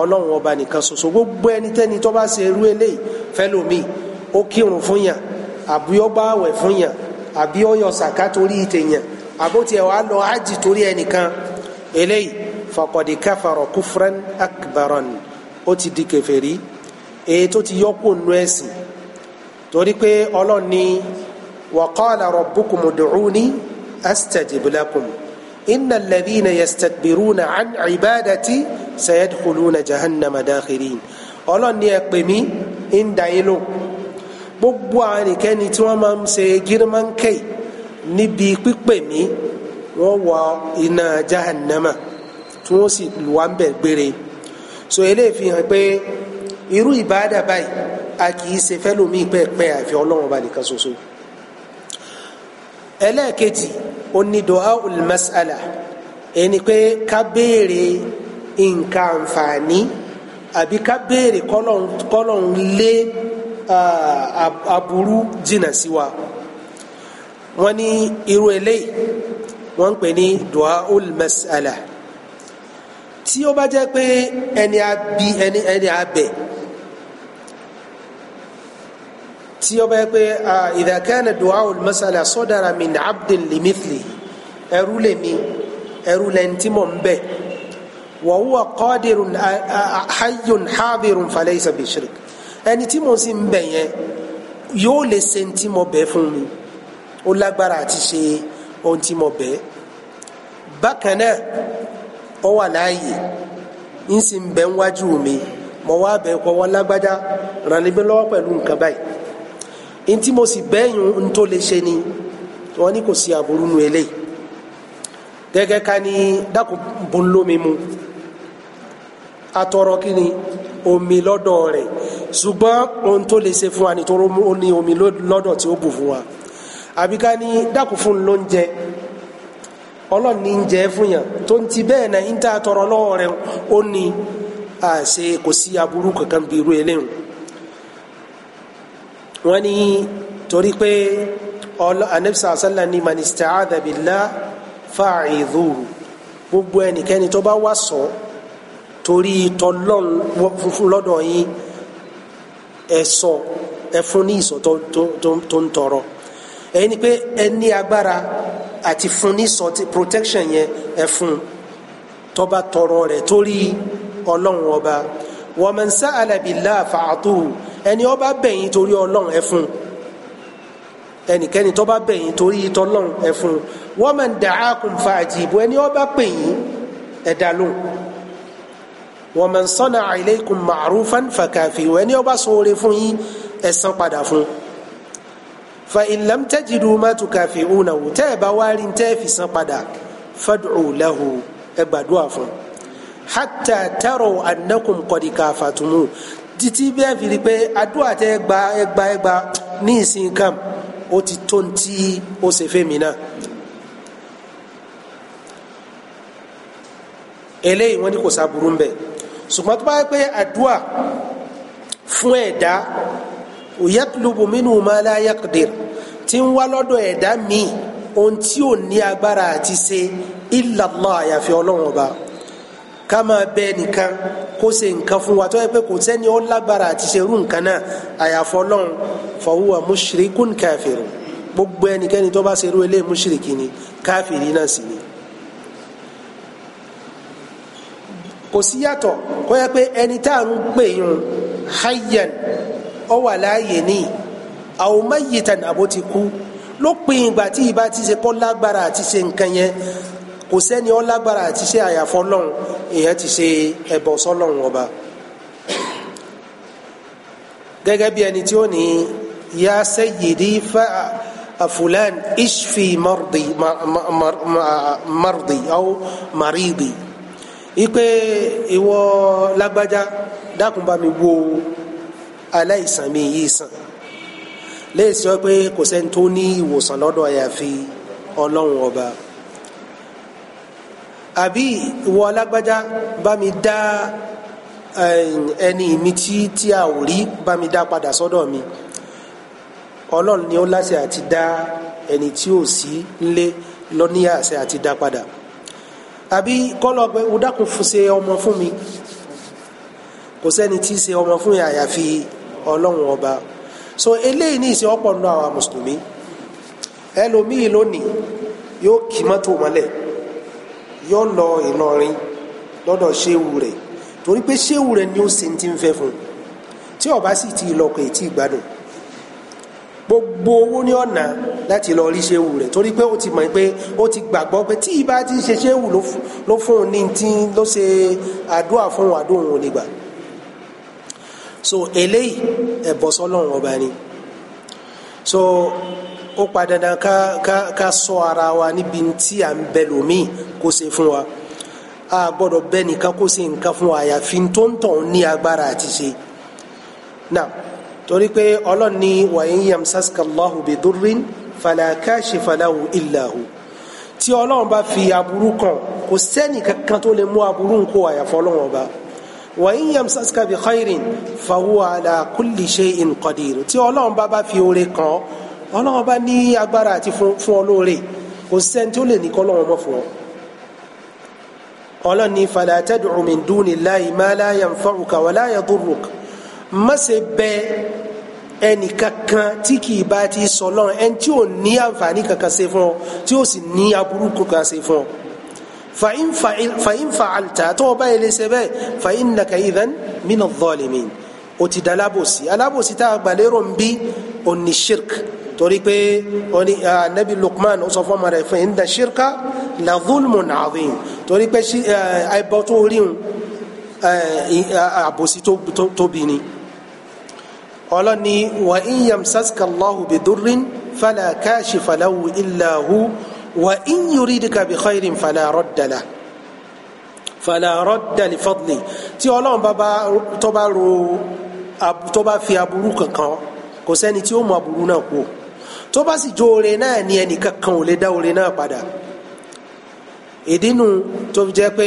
Ọlọ́run ọba nìkan ṣoṣo gbogbo ẹnikẹ́ni tó bá ṣe irú eléyìí fẹ́ lómi ó kírun fún yàn àbí ó bá yọ sàká torí ìtẹ̀yàn àbótiẹ̀ wàá lọ ájì torí ẹnìkan eléyìí fakọ̀dì káfàrọ̀ kúfúrán akbaran ó ti di kèfèrí èyí tó ti yọkù nù ẹ̀sìn torí pé ọlọ́run ní wa qala rabbukum ud'uni astajib lakum inna alladhina yastakbiruna an ibadati sayadkhuluna jahannama dakhirin ọlọ́run ní ẹ pè mí ń tí wọ́n máa ń ṣe gírímàǹkẹ́ níbi pípè wọ́n wọ iná jahannama tí wọ́n sì lù wá ń bẹ̀ gbére so eléyìí fi hàn pé irú ìbáàdà báyìí a kì í ṣe fẹ́lòmíì pẹ́ẹ́pẹ́ àfi ọlọ́run ọba nìkan ṣoṣo ẹlẹ́ẹ̀kejì onídọ̀á olùmọ́sálà ẹni pé ká béèrè nǹkan àǹfààní àbí ká béèrè kọ́lọ́n lé aburú jìnnà sí wa wọ́n ní irú eléyìí wọ́n ń pè ní dọ̀á olùmọ́sálà tí ó bá jẹ́ pé ẹni abi ẹni ẹni abẹ tí ó bá jẹ́ pé idha kana du'a al-mas'ala sadara min abdin limithli ẹrú lèmi ẹrú lẹ́ni tí mò ń bẹ̀ wa huwa qadirun hayyun hadirun falaysa bi ẹni tí mo sì ń bẹ̀ yẹn yóò lè ṣe ohun tí mo bẹ̀ fún mi ó lágbára àti ṣe ohun tí mo bẹ̀ bákan náà. ọ wà láàyè ń sì ń bẹ níwájú mi mo wá bẹ kọ wọn lágbájá ràn mí pẹ̀lú nǹkan báyìí ntí mo sì bẹ́yìn lè ṣe ni wọn ni kò si aburú nu eléyìí gẹ́gẹ́ ká ní dákò bùn lómi mu atọrọ kíni omi lọ́dọ̀ rẹ̀ ṣùgbọ́n ohun tó lè ṣe fún wa nítorí omi lọ́dọ̀ tí ó bù fún wa fún lóúnjẹ ọlọ́run ní ń jẹ fún yàn tó ń ti bẹ́ẹ̀ náà ń tà tọrọ lọ́wọ́ rẹ ó ní àṣe kò sí aburú kankan bí irú eléyìí wọ́n ní torí pé anabisa asala ni manista adabila fàáìdù gbogbo ẹnikẹ́ni tó bá wá sọ torí tọlọ́n funfun lọ́dọ̀ yín ẹ sọ ní ìsọ tó ń tọrọ ẹni pé ẹ agbára àti fún ní sọtí protection yẹn ẹ fún tọba tọrọ rẹ torí ọlọ́run ọba wa man sa'ala billahi fa'atuhu ẹni ó bá bẹ̀yìn torí ọlọ́run ẹ fún ẹnikẹ́ni tó bá bẹ̀yìn torí ìtọ́lọ́run ẹ fún wa man da'akum fa'ajibu ẹni ó bá ẹ dá lóhùn wa man sana'a ilaykum ma'rufan ẹni ó bá ṣoore fún yín ẹ padà fún un fa in lam tajidu ma tukafi'unahu tẹ́ ẹ̀ bá wá rí tẹ́ fi san padà fad'u lahu ẹ gbàdúrà fún hatta taraw annakum qad kafatumu títí bẹ́ẹ̀ fi rí pé àdúrà tẹ́ ẹ gba ẹ gba ẹ gba kam ó ti tó ń tí ó ṣe fẹ́ mi náà. eléyìí wọ́n ní kò sábúrú ń bẹ ṣùgbọ́n yatlubu minhu ma la yaqdir tí ń wá lọ́dọ̀ ẹ̀dá míì ohun tí ò ní agbára àti ṣe illa Allah àyàfi ọlọ́run ọba ká máa bẹ nìkan kó ṣe nǹkan fún wa tó yẹ pé kò sẹ́ni ó lágbára àti ṣe nǹkan náà àyàfi ọlọ́run fa huwa mushrikun gbogbo ẹnikẹ́ni tó bá ṣe irú eléyìí mushriki náà sì ni. kò síyàtọ̀ kó yẹ pé ẹni tá à ń pè yun hayyan ọ wà láàyè ní aw mayyitan àbó ti kú lópin ìgbà tí ìbá ti ṣe kọ́ lágbára àti ṣe nǹkan yẹn kò sẹ́ni ọ lágbára àti ṣe àyàfọ́ lọ́hùn èèyàn ti ṣe ẹbọ sọ́lọ́hùn ọba gẹ́gẹ́ bí ẹni tí ó ní ya sayyidi fa fulan ishfi mardi mardi aw maridi ipe ìwọ lágbájá dákun bá mi wo aláìsàn mi yìí sàn léyìí sọ pé kò sẹ́ni tó ní ìwòsàn lọ́dọ̀ àyàfi ọlọ́run ọba àbí ìwọ alágbájá bá mi dá eh, ẹni mi tí tí a ò rí bá mi dá padà sọ́dọ̀ mi ọlọ́run ni ó láṣẹ àti dá ẹni tí ò sí nlé lọ́ní àṣẹ àti dá padà àbí kọ́lọ́ pé o dákun fún ṣe ọmọ fún mi kò sẹ́ni tí ṣe ọmọ fún yàyà fi ọlọ́run ọba so eléyìí ní ìsìn ọ̀pọ̀ nù àwọn mùsùlùmí ẹlòmíì lónìí yóò kì mọ́tò mọ́lẹ̀ yóò lọ Ìlọrin lọ́dọ̀ ṣéwù rẹ̀ torí pé ṣéwù rẹ̀ ni ó ṣe ti ń fẹ́ fún un tí ọba sì ti lọ kò tí ì gbádùn gbogbo owó ní ọ̀nà láti lọ rí ṣéwù rẹ̀ torí pé ó ti mọ̀ pé ó ti gbàgbọ́ pé tí ìbá ti ṣe ṣéwù ló fún un ní ti ló ṣe àdúrà fún un àdúrà òun so eléyìí ẹbọ sọ́lọ́run ọba ni so ó pa dandan ká ká ká sọ ara wa níbi tí à ń bẹ lòmíì kó ṣe fún wa a gbọ́dọ̀ bẹ nìkan kó ṣe nǹkan fún wa àyàfi tó ń tàn ní agbára àti ṣe náà torí pé ọlọ́run ní wa in yamsaska Allahu bidurrin fala kashifa lahu illa hu tí ọlọ́run bá fi aburú kan kò sẹ́nì kankan tó lè mú aburú ń kó àyàfọ́ ọlọ́run ọba. وإن يمسسك بخير فهو على كل شيء قدير tí ọlọ́run bá bá fi oore kan ọlọ́run bá ní agbára àti fún ọ lóore kò sẹ́ni tí ó lè ní kọ́ lọ́run mọ́ fún ọ. ọlọ́run ní فلا تدع من دون الله ما لا ينفعك ولا يضرك má ṣe bẹ ẹnìkankan tí kì bá ti sọ lọ́run ẹni tí ò ní àǹfààní kankan ṣe fún ọ tí ò sì ní aburú kankan ṣe fún ọ fàyín fàáltà tó o bá yẹ lè ṣe bẹ́ẹ̀ fàyín nàkà ìdán mínà zọ́ọ̀lìmí o ti da alábòsí alábòsí tá a gbà lérò ń bí o ní shirk torí pé o ní anabi Luqman o sọ fún ọmọ rẹ fún inna shirka la zulmun azim torí pé àìbọ̀ tó rí un àbòsí tóbi ni ọlọ́ni wa in yamsaska Allahu bidurrin fala kashifa lahu illa wa in yuridika bi khairin fala raddala fala radda li fadli tí ọlọ́run bá tó bá ro tó bá fi aburú kankan kò sẹ́ni tí ó mú aburú náà kú tó bá sì jó oore ni ẹnìkan kan ò lè dá oore náà ìdínú tó jẹ́ pé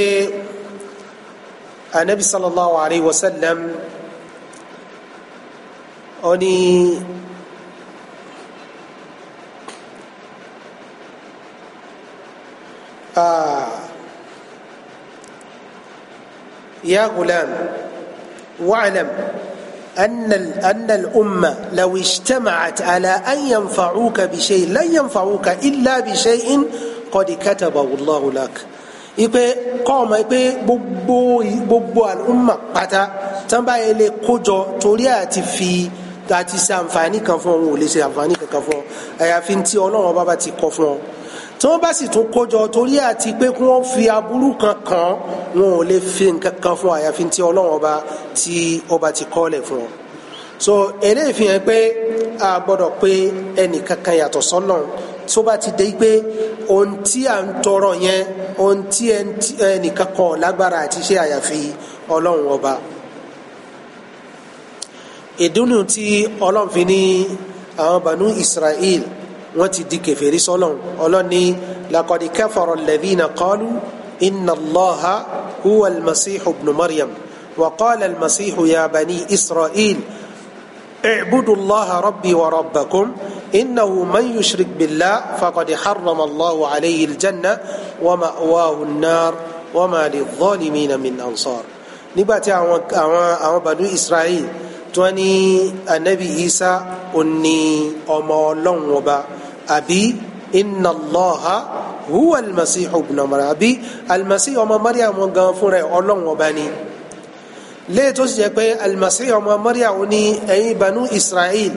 anabi sallallahu alayhi wa sallam ó ní. يا غلام واعلم أن أن الأمة لو اجتمعت على أن ينفعوك بشيء لن ينفعوك إلا بشيء قد كتبه الله لك ipe kọ́ọ̀mọ́ ipe gbogbo gbogbo al'umma pátá tán báyìí lè kójọ torí àti fi àti ṣe àǹfààní kan fún ọ òun ò lè ṣe àǹfààní kankan fún ọ àyàfi tí Ọlọ́run bá ti kọ fún ọ tí wọ́n bá sì tún kójọ torí àti pé kí wọ́n fi aburú kan kàn wọn ò lè fi nǹkan kan fún àyàfi tí ọlọ́run ọba tí ọba ti kọ́lẹ̀ fún ọ so eléyìí fi hàn pé a gbọ́dọ̀ pé ẹnì kankan yàtọ̀ sọ́lọ́run tó bá ti dé pé ohun tí à ń tọrọ yẹn ohun tí ẹnìkan kò lágbára àti ṣe àyàfi ọlọ́run ọba ìdúnnù tí ọlọ́run fi ní àwọn bànú Israel wọ́n ti di kèfèrí sọ́lọ́n ọlọ́ni lakọ́dí kẹfọ̀rọ̀ lẹ́dínà kọ́lù iná lọ́ha huwa almasihu ibn maryam wa qala almasihu ya bani israel اعبدوا الله ربي وربكم إنه من يشرك بالله فقد حرم الله عليه الجنة ومأواه النار وما للظالمين من أنصار نبات عن بنو إسرائيل تواني النبي إيسى أني أمولون وبا àbí inna Allaha huwa almasihu ibn Maryam àbí almasihu ọmọ Maryam àwọn gan fúnra ẹ̀ ọlọ́run ọba ni léyìí tó sì jẹ́ pé almasihu ọmọ Maryam àwọn ní ẹ̀yin banu Israel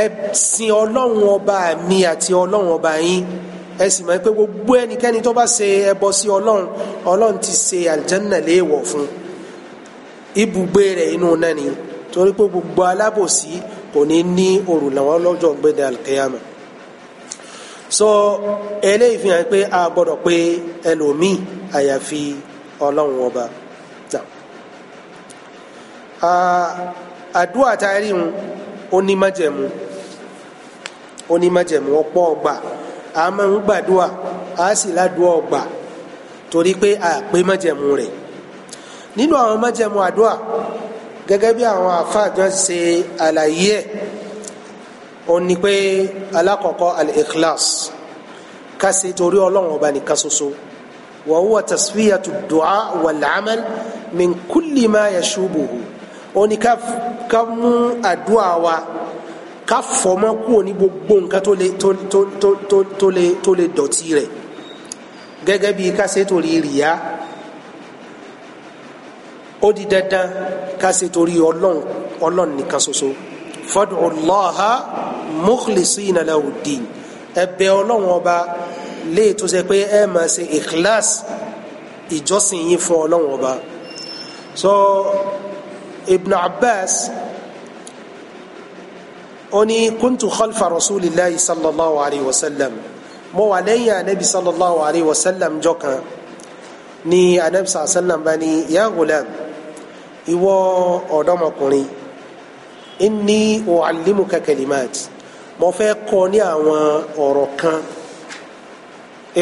ẹ sin ọlọ́run ọba mi àti ọlọ́run ọba yín ẹ sì mọ̀ pé gbogbo ẹnikẹ́ni tó bá ṣe ẹbọ sí ọlọ́run ọlọ́run ti ṣe àlìjánná léèwọ̀ fún ibùgbé rẹ̀ inú náà ni torí pé gbogbo alábòsí kò ní ní òrùlọ́wọ́ lọ́jọ́ gbẹ̀dẹ̀ àlùkẹ́yàmọ̀ so eléyìí fi hàn pé a gbọ́dọ̀ pé ẹlòmíì àyàfi ọlọ́run ọba àdúrà tá a rí hun ó ní májẹ̀mú ó ní májẹ̀mú ọ̀pọ̀ ọgbà a máa ń gbàdúrà a sì ládùúà ọgbà torí pé a pé májẹ̀mú rẹ̀ nínú àwọn májẹ̀mú àdúrà gẹ́gẹ́ bí àwọn àfáàjọ ṣe àlàyé ẹ̀ ó ní pé alákọ̀ọ́kọ́ al-ikhlas kasi torí ọlọ́run ọba nìkan ṣoṣo wa huwa tasfiyatu du'a wal-amal min kulli ma yashubuhu ó ní ká mú àdúrà wa ká fọmọ́ kúrò ní gbogbo nǹkan tó lè tó lè dọ̀tí rẹ̀ gẹ́gẹ́ bí ká torí rìyá ó di dandan ká torí ọlọ́run ọlọ́run nìkan ṣoṣo fad'u Allaha mukhlisina lahu ddin ẹ bẹ Ọlọ́run ọba léè tó ṣe pé ẹ máa ṣe ikhlas ìjọsìn yín fún Ọlọ́run ọba so Ibn Abbas ó ní kuntu khalfa rasulillahi sallallahu alayhi wa sallam mo wà lẹ́yìn anabi sallallahu alayhi wa sallam jọ kan ní anabi sallallahu alayhi wa sallam bá ní ya inni uallimuka kalimat mo fe kọ́ ni awon oro kan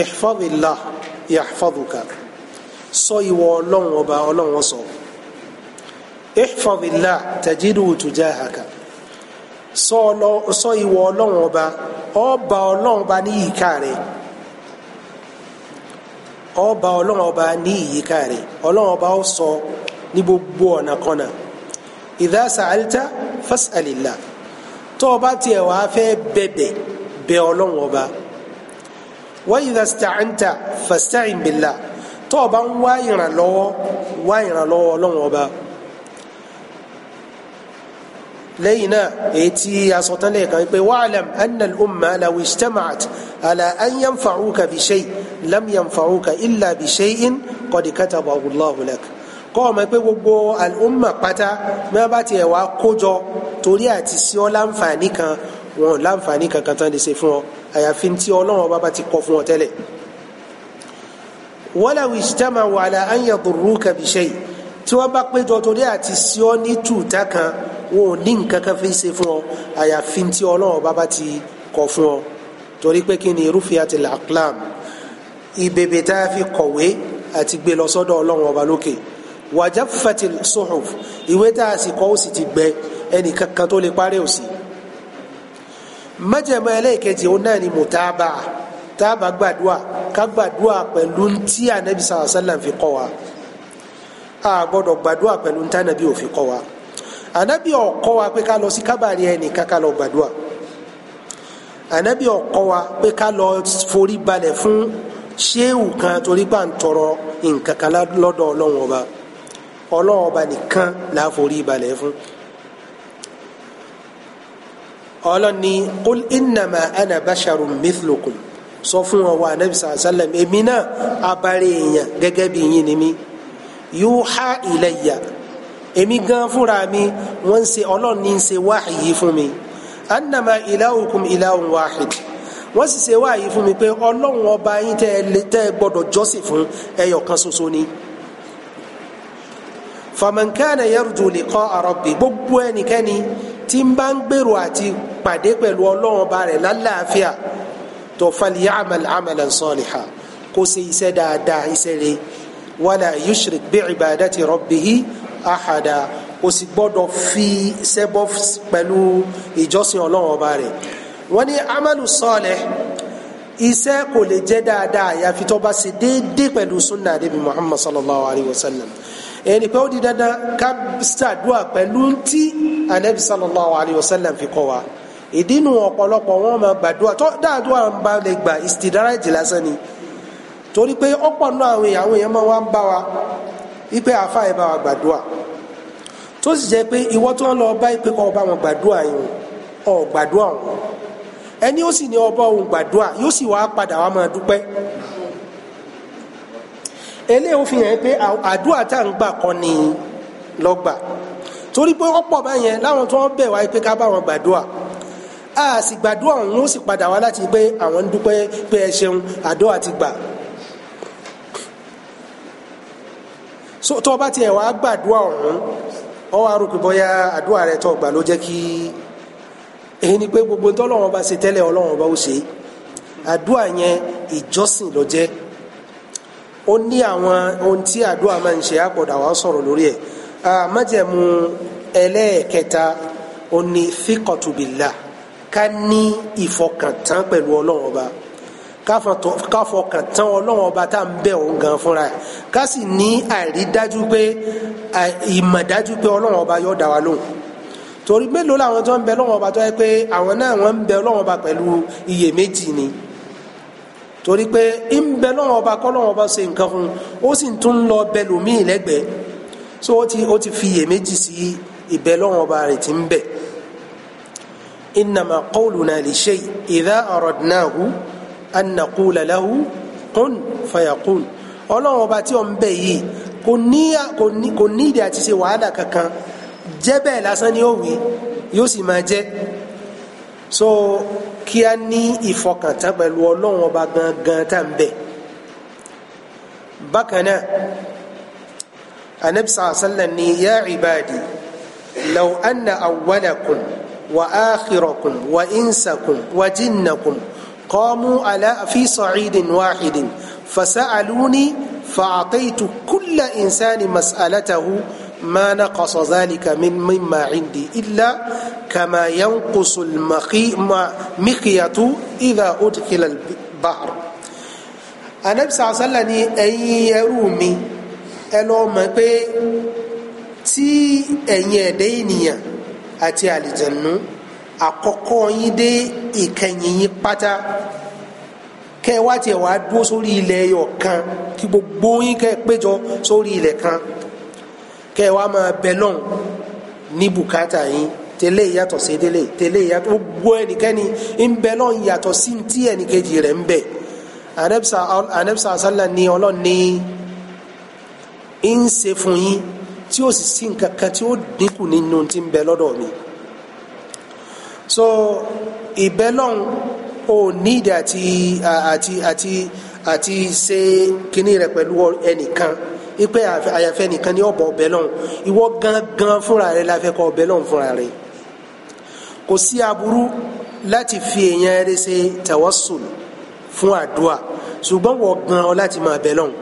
ihfadillah yahfaduka so iwo ọlọ́run ọba ọlọ́run so ihfadillah tajidu tujahaka sọ ìwọ ọlọ́run ọba ọba ọlọ́run ọba ní ba rẹ̀ ọba ọlọ́run ọba ní ìyíká rẹ̀ ọlọ́run ọba ó sọ ní gbogbo ọ̀nà kọ́nà idha sa'alta. fasalila tó o bá tiẹ̀ wàá fẹ́ bẹ̀bẹ̀ bẹ̀ ọlọ́run ọba wa idha ista'anta fasta'in billah tó o bá ń wá ìrànlọ́wọ́ wá ìrànlọ́wọ́ ọlọ́run ọba lẹ́yìn náà èyí tí a sọ tán lẹ́ẹ̀kan pé wa'lam anna al-umma law ijtama'at ala an yanfa'uka bi shay lam yanfa'uka illa bi shay'in qad katabahu Allahu lak kọ́ ọ ma pé gbogbo al'umma pátá mẹ́ bá tiẹ̀ wá kójọ torí àti sí ọ láǹfààní kan wọn láǹfààní kankan tán lè ṣe fún ọ àyàfi tí ọlọ́run ọba bá ti kọ fún ọ tẹ́lẹ̀. walaw ijtama'u ala an yadurruka bi shay' tí wọ́n bá péjọ torí àti sí ọ ní tùtà kan wọn ò ní nǹkan kan fi ṣe fún ọ àyàfi tí ọlọ́run ọba bá ti kọ fún ọ torí pé kí ni rufi'atil aqlam ìbèbè tá a fi kọ̀wé àti gbé lọ sọ́dọ̀ ọlọ́run ọba lókè. Okay wàjáfàtì sọ̀hùf ìwé tá a sì kọ́ ó sì ti gbẹ ẹnì kankan tó lè parẹ́ òsì májẹ̀mọ́ ẹlẹ́ẹ̀kejì òun náà ni mùtábà tábà gbàdúà ká gbàdúà pẹ̀lú tí ànábì sàlàsàlà fi kọ́ wa a gbọ́dọ̀ gbàdúà pẹ̀lú tí ànábì ò fi kọ́ wa ànábì ò kọ́ wa pé ká lọ sí kábàárì ẹnìkan ká lọ gbàdúà ànábì ò wa pé ká lọ forí balẹ̀ fún ṣéwù kan torí bá ń tọrọ nǹkan kan lọ́dọ̀ ọba ọlọ́run ọba nìkan là á forí balẹ̀ fún. ọlọ́ni qul innama ana basharun mithlukum sọ fún wọn wa anabi sàlẹ̀ èmi náà abalẹ̀ èèyàn gẹ́gẹ́ bí yín ni mí yuha ilayya èmi gan fúnra mi wọ́n ń ṣe ọlọ́run ṣe wáhìyí fún mi annama ilahukum ilahun wahid wọ́n sì ṣe wáhìyí fún mi pé ọlọ́run ọba yín tẹ́ gbọ́dọ̀ jọ́sìn fún ẹyọ ṣoṣo ni faman kana yarju liqa'a rabbi gbogbo ẹnikẹ́ni tí ń bá ń gbèrò àti pàdé pẹ̀lú ọlọ́run ọba rẹ̀ lálàáfíà tó falya'mal 'amalan salihan kó ṣe iṣẹ́ dáadáa iṣẹ́ rẹ̀ wala yushrik bi'ibadati rabbihi ahada kò sì gbọ́dọ̀ fi ṣẹbọ pẹ̀lú ìjọsìn ọlọ́run ọba rẹ̀ wọ́n ní amalu salih iṣẹ́ kò lè jẹ́ dáadáa àyàfi tó bá ṣe déédéé pẹ̀lú sunna àdébí muhammad sallallahu alayhi wa sallam ẹni pé ó di dandan ká ṣàdúrà pẹ̀lú tí anabi sallallahu alayhi wa sallam fi kọ́ wa ìdínú ọ̀pọ̀lọpọ̀ wọn máa gbàdúrà tó dáadúrà ń bá lè gbà ìsìtìdára ìjì lásán ni torí pé ọ̀pọ̀ náà àwọn èèyàn àwọn èèyàn máa wá ń bá wa ipe àfa ẹ̀ bá wa gbàdúrà tó sì jẹ́ pé ìwọ tó ń lọ bá ipe kọ́ ọba wọn gbàdúrà yìí ọ̀ gbàdúrà wọn ẹni ó sì ní ọba òun gbàdúrà yóò sì wá padà wá máa dúpẹ́ eléyìí fi hàn pé àdúrà tá à ń gbà kọ́ ni lọ́gbà torí pé ọ̀pọ̀ báyẹn láwọn tó ń bẹ̀ wá pé ká bá wọn gbàdúrà a sì gbàdúrà òun ó sì padà wá láti pé àwọn ń dúpẹ́ pé ẹ ṣeun àdúrà ti gbà. so tó o bá tiẹ̀ wá gbàdúrà ọ̀hún ọ wá rò pé bóyá àdúrà rẹ tó o gbà ló jẹ́ kí èyí ni pé gbogbo ntọ́ bá ṣe tẹ́lẹ̀ ọlọ́wọ́n bá ó ṣe àdúrà yẹn ìjọsìn ló jẹ́ ó ní àwọn ohun tí àdúrà máa ń ṣe àpọ̀dà wa sọ̀rọ̀ lórí ẹ̀ àmájẹ̀mú ẹlẹ́ẹ̀kẹta ó ní fíkọ̀tùbìlà ká ní ìfọkàntán pẹ̀lú ọlọ́run ọba ká fọkàn tán ọlọ́run ọba tá à ń bẹ̀ òun gan fúnra ẹ̀ ká sì ní àrídájú pé ìmọ̀dájú pé ọlọ́run ọba yóò dá wa lóhùn torí mélòó làwọn tó ń bẹ ọlọ́run ọba tó yẹ pé àwọn náà wọ́n ń bẹ ọlọ́run ọba pẹ̀lú iyèméjì ni torí pé ń bẹ lọ́wọ́ ọba kọ́ lọ́wọ́ ọba ṣe nǹkan fún un ó sì tún lọ bẹ lòmíì lẹ́gbẹ̀ẹ́ so ó ti ó ti fi iyèméjì sí ìbẹ lọ́wọ́ ọba rẹ̀ ti ń bẹ. innama qawluna li shay idha aradnahu an naqula lahu kun fayakun ọlọ́wọ́ ọba tí ó ń bẹ yìí kò ní kò ní ìdí àti ṣe wàhálà kankan jẹ́ bẹ́ẹ̀ lásán ni ó wí yóò sì máa jẹ́ so kí a ní ìfọkàntán pẹ̀lú ọlọ́run ọba gangan tá n bẹ̀ bákan náà anabi sàlá sàlá ni yá ibadi law anna awwalakum wa akhirakum wa insakum wa jinnakum qamu ala fi sa'idin wahidin fasaluni fa'ataitu kulla insani mas'alatahu. ما نقص ذلك من مما عندي إلا كما ينقص المقية إذا أدخل البحر anabi sàá sálà ni ẹ̀yin ẹrú mi ẹ lọ mọ̀ pé tí ẹ̀yin ẹ̀dẹ́ ènìyàn àti àlìjẹ̀nù àkọ́kọ́ yín dé ìkẹyìn yín pátá kẹ wá tiẹ̀ wá dúró sórí ilẹ̀ ẹyọ kan kí gbogbo yín kẹ péjọ sórí ilẹ̀ kan kẹ́ ẹ wá máa bẹ lọ́n ní bùkátà yín tele yàtọ̀ sí tẹ́lẹ̀ tẹ́lẹ̀ yàtọ̀ gbogbo ẹnikẹ́ni ń bẹ lọ́n yàtọ̀ sí ti ẹnìkejì rẹ̀ ń bẹ anabisa asala ni ọlọ́n ní ń ṣe fún yín tí ó sì sí nǹkan tí ó dínkù nínú tí ń bẹ lọ́dọ̀ mi so ìbẹ́lọ́n ò nídìí àti àti àti àti ṣe kinní rẹ̀ pẹ̀lú ẹnìkan. E ipe àyàfẹ́ nìkan ní ọ̀bọ̀ ọbẹ̀ lọ́hùn ìwọ gangan fúnra rẹ la fẹ́ kọ ọbẹ̀ lọ́hùn fúnra rẹ kò sí aburú láti fi èèyàn rẹ ṣe tawassul fún àdúà ṣùgbọ́n wọ́n gan ọ láti máa bẹ̀ lọ́hùn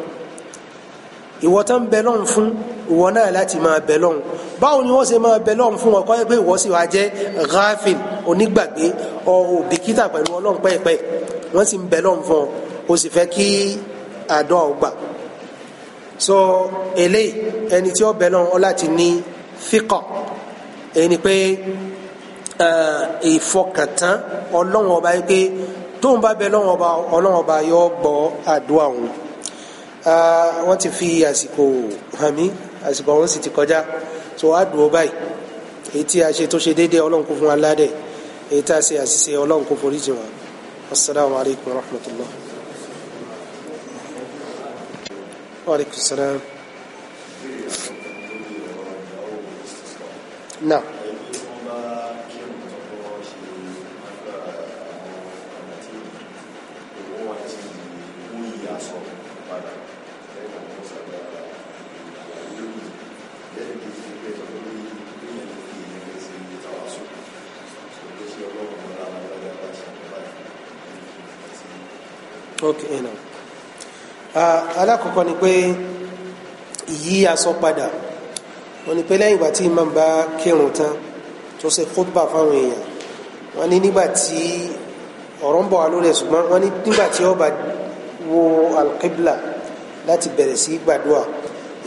ìwọ tán bẹ̀ lọ́hùn fún ìwọ náà láti máa bẹ̀ lọ́hùn báwo ni wọ́n ṣe máa bẹ̀ lọ́hùn fún wọn kọ́ ẹ pé ìwọ sì wá jẹ́ ghafil onígbàgbé ọ̀hún bìkítà pẹ̀lú ọlọ́run pẹ́ẹ́pẹ́ẹ́ wọ́n sì ń bẹ̀ lọ́hùn fún ọ kò sì fẹ́ kí àdúà ó gbà so ele ẹni tí ó bẹ lọ́n ọ láti ní fíkọ̀ ẹni pé ìfọkàntán ọlọ́run ọba yìí pé tóun bá bẹ lọ́run ọba ọlọ́run ọba yóò gbọ́ àdúrà òun wọ́n ti fi àsìkò hàn mí àsìkò ọ̀hún sì ti kọjá tó a dùn ó báyìí èyí tí a ṣe tó ṣe déédéé ọlọ́run kó fún wa èyí tí a ṣe àṣìṣe ọlọ́run kó foríjì wa asalaamualeykum wa rahmatulah. وعليكم السلام نعم اوكي نعم alákọ̀ọ́kọ́ ni pé ìyí aṣọ padà wọ́n ní pé lẹ́yìn ìgbà tí imam bá kírun tán tó ṣe khutba fáwọn èèyàn wọ́n ní nígbà tí ọ̀rọ̀ ń bọ̀ wá lórí ẹ̀ wọ́n ní nígbà tí ó wo alqibla láti bẹ̀rẹ̀ sí gbàdúrà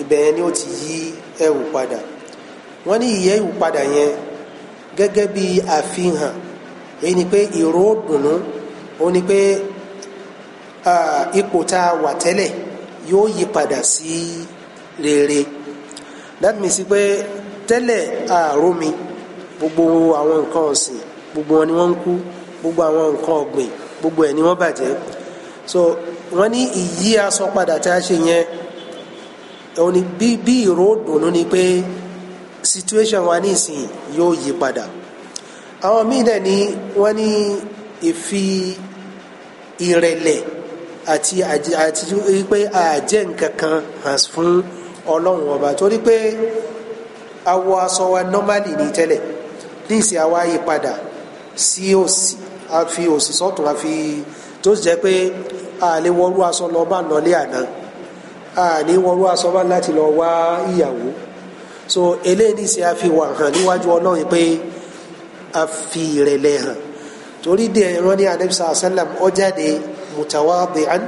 ibẹ̀ yẹn ni ó ti yí ẹ̀wù padà wọ́n ní ìyẹ́ ẹ̀wù padà yẹn gẹ́gẹ́ bí àfihàn èyí ni pé ìró dùnú ó ní pé ipò tá a wà tẹ́lẹ̀ yóò yí padà sí rere that means pé tẹ́lẹ̀ àárò mi gbogbo àwọn nǹkan ọ̀sìn gbogbo wọn ni wọ́n ń kú gbogbo àwọn nǹkan ọ̀gbìn gbogbo ẹ̀ ni wọ́n bàjẹ́ so wọ́n ní ìyí aṣọ padà tá a ṣe yẹn òun ni bí bí ìró dùnú ni pé situation wa nísìnyí yóò yí padà àwọn míì dẹ̀ ni wọ́n ní ìfi ìrẹ̀lẹ̀ àti àti pé àjẹ́ nǹkan kan hàn fún ọlọ́run ọba torí pé awọ aṣọ wa normally ní tẹ́lẹ̀ ní ìsìn àwa yí padà sí òsì a fi òsì sọ́tún a fi tó jẹ́ pé a lè wọrú aṣọ lọ bá nọlé àná a ní wọrú aṣọ bá láti lọ wá ìyàwó so eléyìí ní ìsìn a fi wà hàn níwájú ọlọ́run pé a fi ìrẹ̀lẹ̀ hàn torí dè ẹ̀rọ ní anabisa asalam ó mutawadhi'an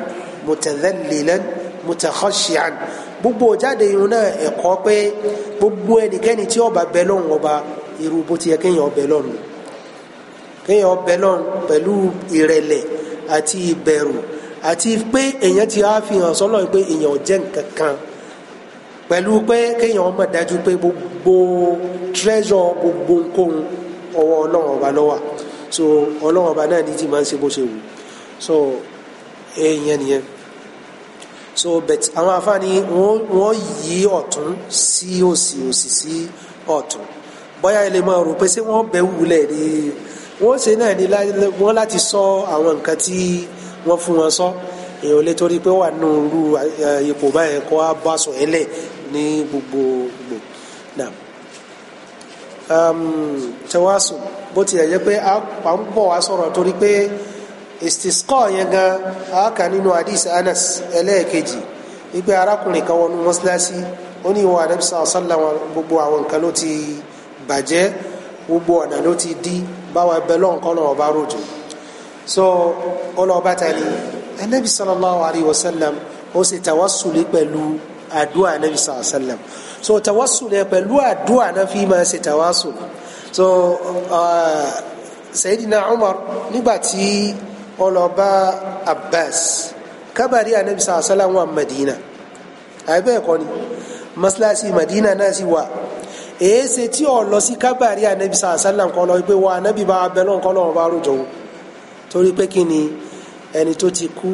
mutadhallilan mutakhashi'an gbogbo jáde irun náà ẹ̀kọ́ pé gbogbo ẹnikẹ́ni tí ó bá bẹ lọ́hùn ọba irú bó ti yẹ kéèyàn bẹ lọ́hùn kéèyàn bẹ lọ́hùn pẹ̀lú ìrẹ̀lẹ̀ àti ìbẹ̀rù àti pé èèyàn ti á fi hàn sọ́lọ́ pé èèyàn jẹ́ nǹkan kan pẹ̀lú pé kéèyàn mọ̀ dájú pé gbogbo treasure gbogbo nkóhun ọwọ́ ọlọ́run ọba ló so ọlọ́run ọba náà ní ti máa ń ṣe bó ṣe wù so èèyàn nìyẹn so bet àwọn afáàní wọ́n yí ọ̀tún sí òsì òsì sí ọ̀tún bóyá ilé máa rò pé ṣé wọ́n bẹ̀ wulẹ̀ ni wọ́n ṣe náà ni wọ́n láti sọ àwọn nǹkan tí wọ́n fún wọn sọ èèyàn lè torí pé wà nù rú ipò báyẹn kó a bá sọ ẹ lẹ̀ ní gbogbo náà tẹwàásù bó tilẹ̀ jẹ́ pé a ń wá sọ̀rọ̀ torí pé istisqa yẹn gan aaka nínú hadith anas ẹlẹ́ẹ̀kejì ìgbẹ́ arákùnrin kan wọnú mọ́ṣáláṣí ó ní ìwọ ànábì sàlá gbogbo àwọn nǹkan ló ti bàjẹ́ gbogbo ọ̀nà ló ti di báwa ẹbẹ lọ́n kọ́ lọ́wọ́ bá rojò so ọlọ́ọ̀bá ta ni anabi sallallahu alayhi wa sallam ó sì tawassuli pẹ̀lú àdúrà anabi sallallahu alayhi wa sallam so tawassuli pẹ̀lú àdúrà náà fi máa ṣe tawassuli so uh, sayidina umar nígbà tí ọlọ́ba Abbas kábàrí anabi sàásálà wà Madina àbẹ́ ẹ̀kọ́ ni mọ́sálásí Madina náà sì wà èéṣe tí ò lọ sí kábàrí anabi sàásálà nǹkan lọ pé wà anabi bá abẹ náà nǹkan lọ́wọ́ bá rojọ́ o torí pé kí ni ẹni tó ti kú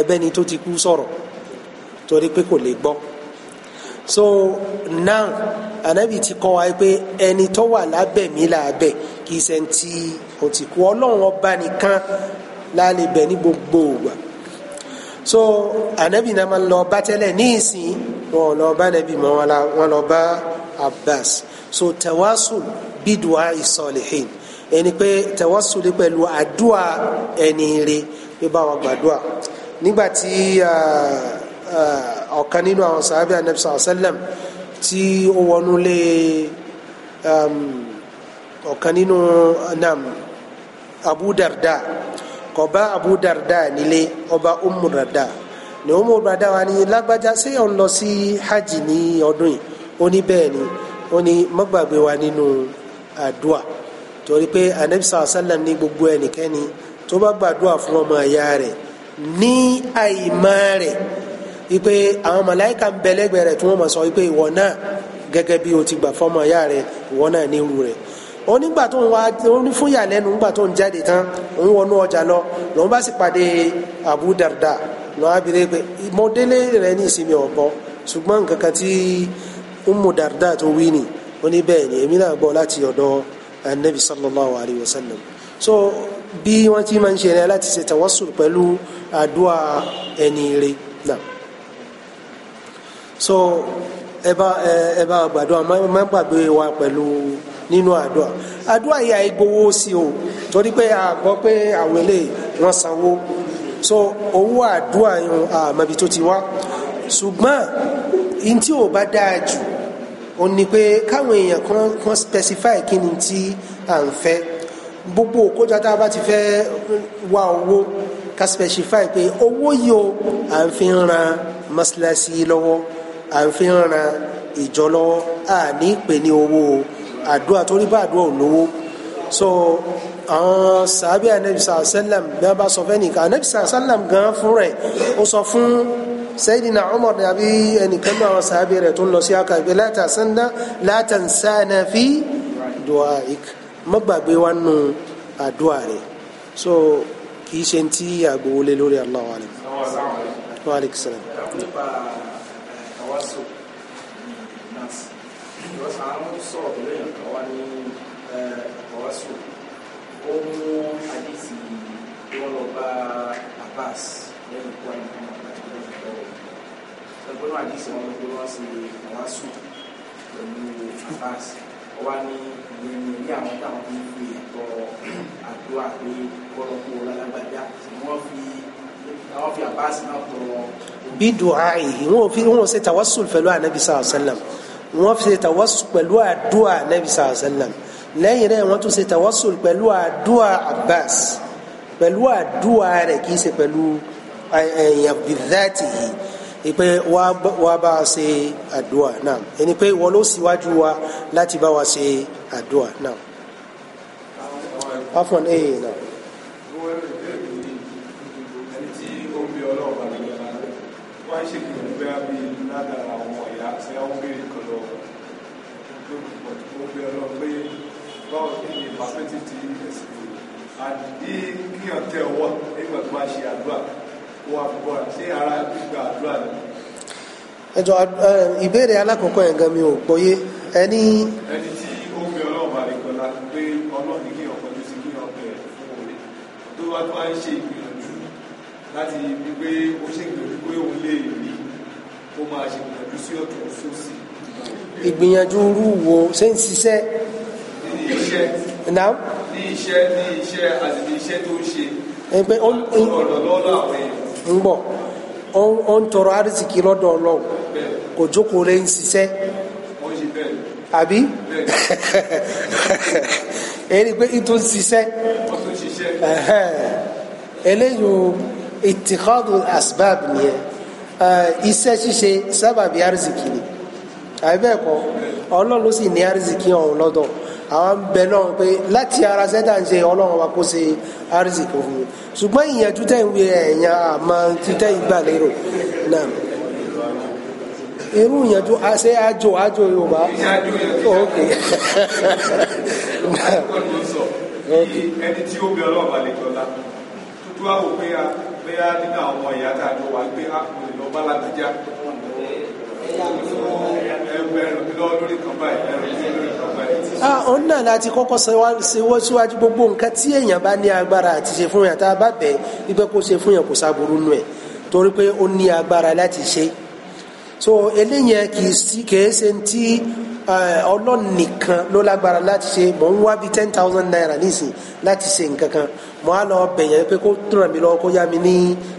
ẹbẹni tó ti kú sọ̀rọ̀ torí pé kò lè gbọ́ so now anabi ti kọ́ wa pé ẹni tó wà lábẹ́ mi làbẹ́ kì í ṣe ti ó ti kú ọlọ́run ọba nìkan láàlè bẹ̀ ní gbogbo ògbà so anabi náà máa lọ bá tẹ́lẹ̀ ní ìsìn wọn lọ bá anabi mọ́ wọn lọ bá abbas so tawasul bidua isolihin ẹni pé tawasul pẹ̀lú àdúà ẹni rẹ̀ bí bá wọn gbàdúà nígbà tí ọ̀kan nínú àwọn sàábẹ́ anabi sàlẹ̀ sẹ́lẹ̀m tí ó wọnú lé um, ọ̀kan nínú nam Abu Darda kò bá Abu Darda nílé ọba Ummu ní Ummu wa ní lágbájá ṣé ò ń sí hajj ní ọdún yìí ó ní bẹ́ẹ̀ ni ó ní má gbàgbé wa nínú àdúà torí pé anabi sàlá sàlám ní gbogbo ẹnikẹ́ni tó bá gbàdúà fún ọmọ ẹ̀yà rẹ̀ ní àìmọ̀ rẹ̀ wípé àwọn màláìka ń bẹ lẹ́gbẹ̀ẹ́ rẹ̀ tí wọ́n mọ̀ sọ wípé ìwọ náà gẹ́gẹ́ bí o ti gbà fọ́mọ ẹ̀yà rẹ̀ ìwọ náà ní irú rẹ̀ onígbà tó ń wá oní fún ìyàlẹ́nu nígbà tó ń jáde tán òun wọnú ọjà lọ lòun bá sì pàdé Abu Darda lọ́n abiré pé mọ́délé rẹ ní ìsinmi ọ̀bọ ṣùgbọ́n nǹkan kan tí Ummu Darda tó wí ni ó ni èmi náà gbọ́ láti ọ̀dọ̀ anabi sallallahu alayhi wa sallam so bí wọ́n ti máa ń ṣe rẹ láti ṣe tawassul pẹ̀lú àdúrà ẹni rẹ náà so ẹ bá ẹ bá gbàdúrà má gbàgbé wa pẹ̀lú nínú àdúrà àdúrà yìí àìgbowó sí o torí pé a gbọ́ pé àwọn eléyìí wọ́n sanwó so owó àdúrà yìí àmọ́bi tó ti wá ṣùgbọ́n n tí ò bá dáa jù ó ní pé káwọn èèyàn kan kan specify kí ni tí à ń fẹ́ gbogbo òkójọ tá a bá ti fẹ́ wá owó ká specify pé owó yìí o à ń fi ran mọ́ṣáláṣí lọ́wọ́ à ń fi ran ìjọ lọ́wọ́ à ní pè ní owó o àdúrà torí bá àdúrà ò so àwọn sàábì anabi sàlẹm bí wọn bá sọ fẹ́ nìkan anabi sàlẹm gan fún rẹ̀ ó sọ fún sayidina umar àbí ẹnìkan náà àwọn sàábì rẹ̀ tó ń lọ sí aka ìgbẹ́ látàsánnà látàsánà fi dùwà ìk mọ́gbàgbé wa nù àdúrà rẹ̀ so kì í ṣe ti àgbòwọlé lórí Allahu alim wa aleykum salaam lọ́sàn án sọ̀rọ̀ pẹ̀lú èèyàn kan wá ní ọ̀wásù ó mú àdìsí tí wọ́n lọ bá Abbas lẹ́yìn ikú àwọn ọmọ àti lẹ́yìn ìgbà wọn ṣùgbọ́n náà àdìsí wọn ló wọ́n ṣe ọ̀wásù pẹ̀lú Abbas ó wá ní ìyẹn ní àwọn táwọn fi ń fi ẹ̀tọ́ àdúrà pé gbọ́dọ̀ kó lálágbájá wọ́n fi àwọn fi Abbas náà tọrọ. bí dùn àìhì wọn ò fi wọn ò ṣe tàwásùl pẹ̀lú ànábì sallallahu alaihi wasallam wọ́n fi ṣe tawassul pẹ̀lú àdúà nabi sallallahu alayhi wa sallam lẹ́yìn náà wọ́n tún ṣe tawassul pẹ̀lú àdúà abbas pẹ̀lú àdúà rẹ̀ kì í ṣe pẹ̀lú ẹ̀yàn bìdáàtì yìí ìpè wàá bá a ṣe àdúà náà ẹni pé wọ́n ló síwájú wa láti bá wa ṣe àdúà náà. afọn ee náà. wọ́n ṣe kìlọ̀ nígbà bíi ládàá. àdìdí kíyàn tẹ ọwọ́ nígbà tó bá ṣe àdúrà kó wá fún bọ́ra ṣé ara gbígba àdúrà ni. ẹjọ ìbéèrè alákọ̀ọ́kọ́ yẹn gan mi ò gbọ́yé ẹni. ẹni tí ó bẹ ọlọ́run àríkọlá pé ọlọ́run kí ọkọ̀ tó ti kí ọbẹ̀ fún òun tó bá tó wá ń ṣe ìgbìyànjú láti wípé ó ṣe ìgbìyànjú pé òun lè rí kó máa ṣe ìgbìyànjú sí ọ̀tún sósì. ìgbìyànjú rú wo ṣé ń ṣiṣẹ́. iṣẹ́. náà ní iṣẹ́ ní iṣẹ́ àti ní iṣẹ́ tó ń ṣe ẹgbẹ́ ó ń ọ̀dọ̀ lọ́dọ̀ àwọn èèyàn. ń bọ̀ ó ń tọrọ àrísìkí lọ́dọ̀ ọlọ́run kò jókòó lé ń ṣiṣẹ́ àbí èyí pé ìtò ń ṣiṣẹ́ eléyìí ìtìkọ́dù asbab nìyẹn iṣẹ́ ṣíṣe sábàbí àrísìkí ni àbí ọlọ́run sì ní àrísìkí ọ̀hún lọ́dọ̀ àwọn bẹ náà pé láti ara sẹ́tà ń ṣe ọlọ́run wa kó ṣe àrísìkò fún mi ṣùgbọ́n ìyẹn tútẹ́ ìwé ẹ̀yàn àmọ́ tútẹ́ ìgbà lérò náà irú ìyẹn tó ṣe àjò àjò yorùbá ok ẹni tí ó bẹ ọlọ́run balẹ̀ jọlá tó wá wò pé a bẹ́yà nínú àwọn ìyá tá a jọ wà pé a kò lè lọ ẹgbẹ́ ẹ̀rọ lórí báyìí ẹ̀rọ ah òun náà láti kọ́kọ́ ṣèwọ́ síwájú gbogbo nǹkan tí èèyàn bá ní agbára àti ṣe fún yàn tá a bá bẹ̀ wípé kó ṣe fún yàn kò sáburú nù ẹ̀ torí pé ó ní agbára láti ṣe so eléyẹn kìí ṣe ti eh, ọlọ́run nìkan ló lágbára láti ṣe mò ń wá bíi ten thousand naira nísìn láti ṣe nǹkan kan mo á lọ bẹ̀yẹn pé kó ràn mí lọ́wọ́ kó yá mi ní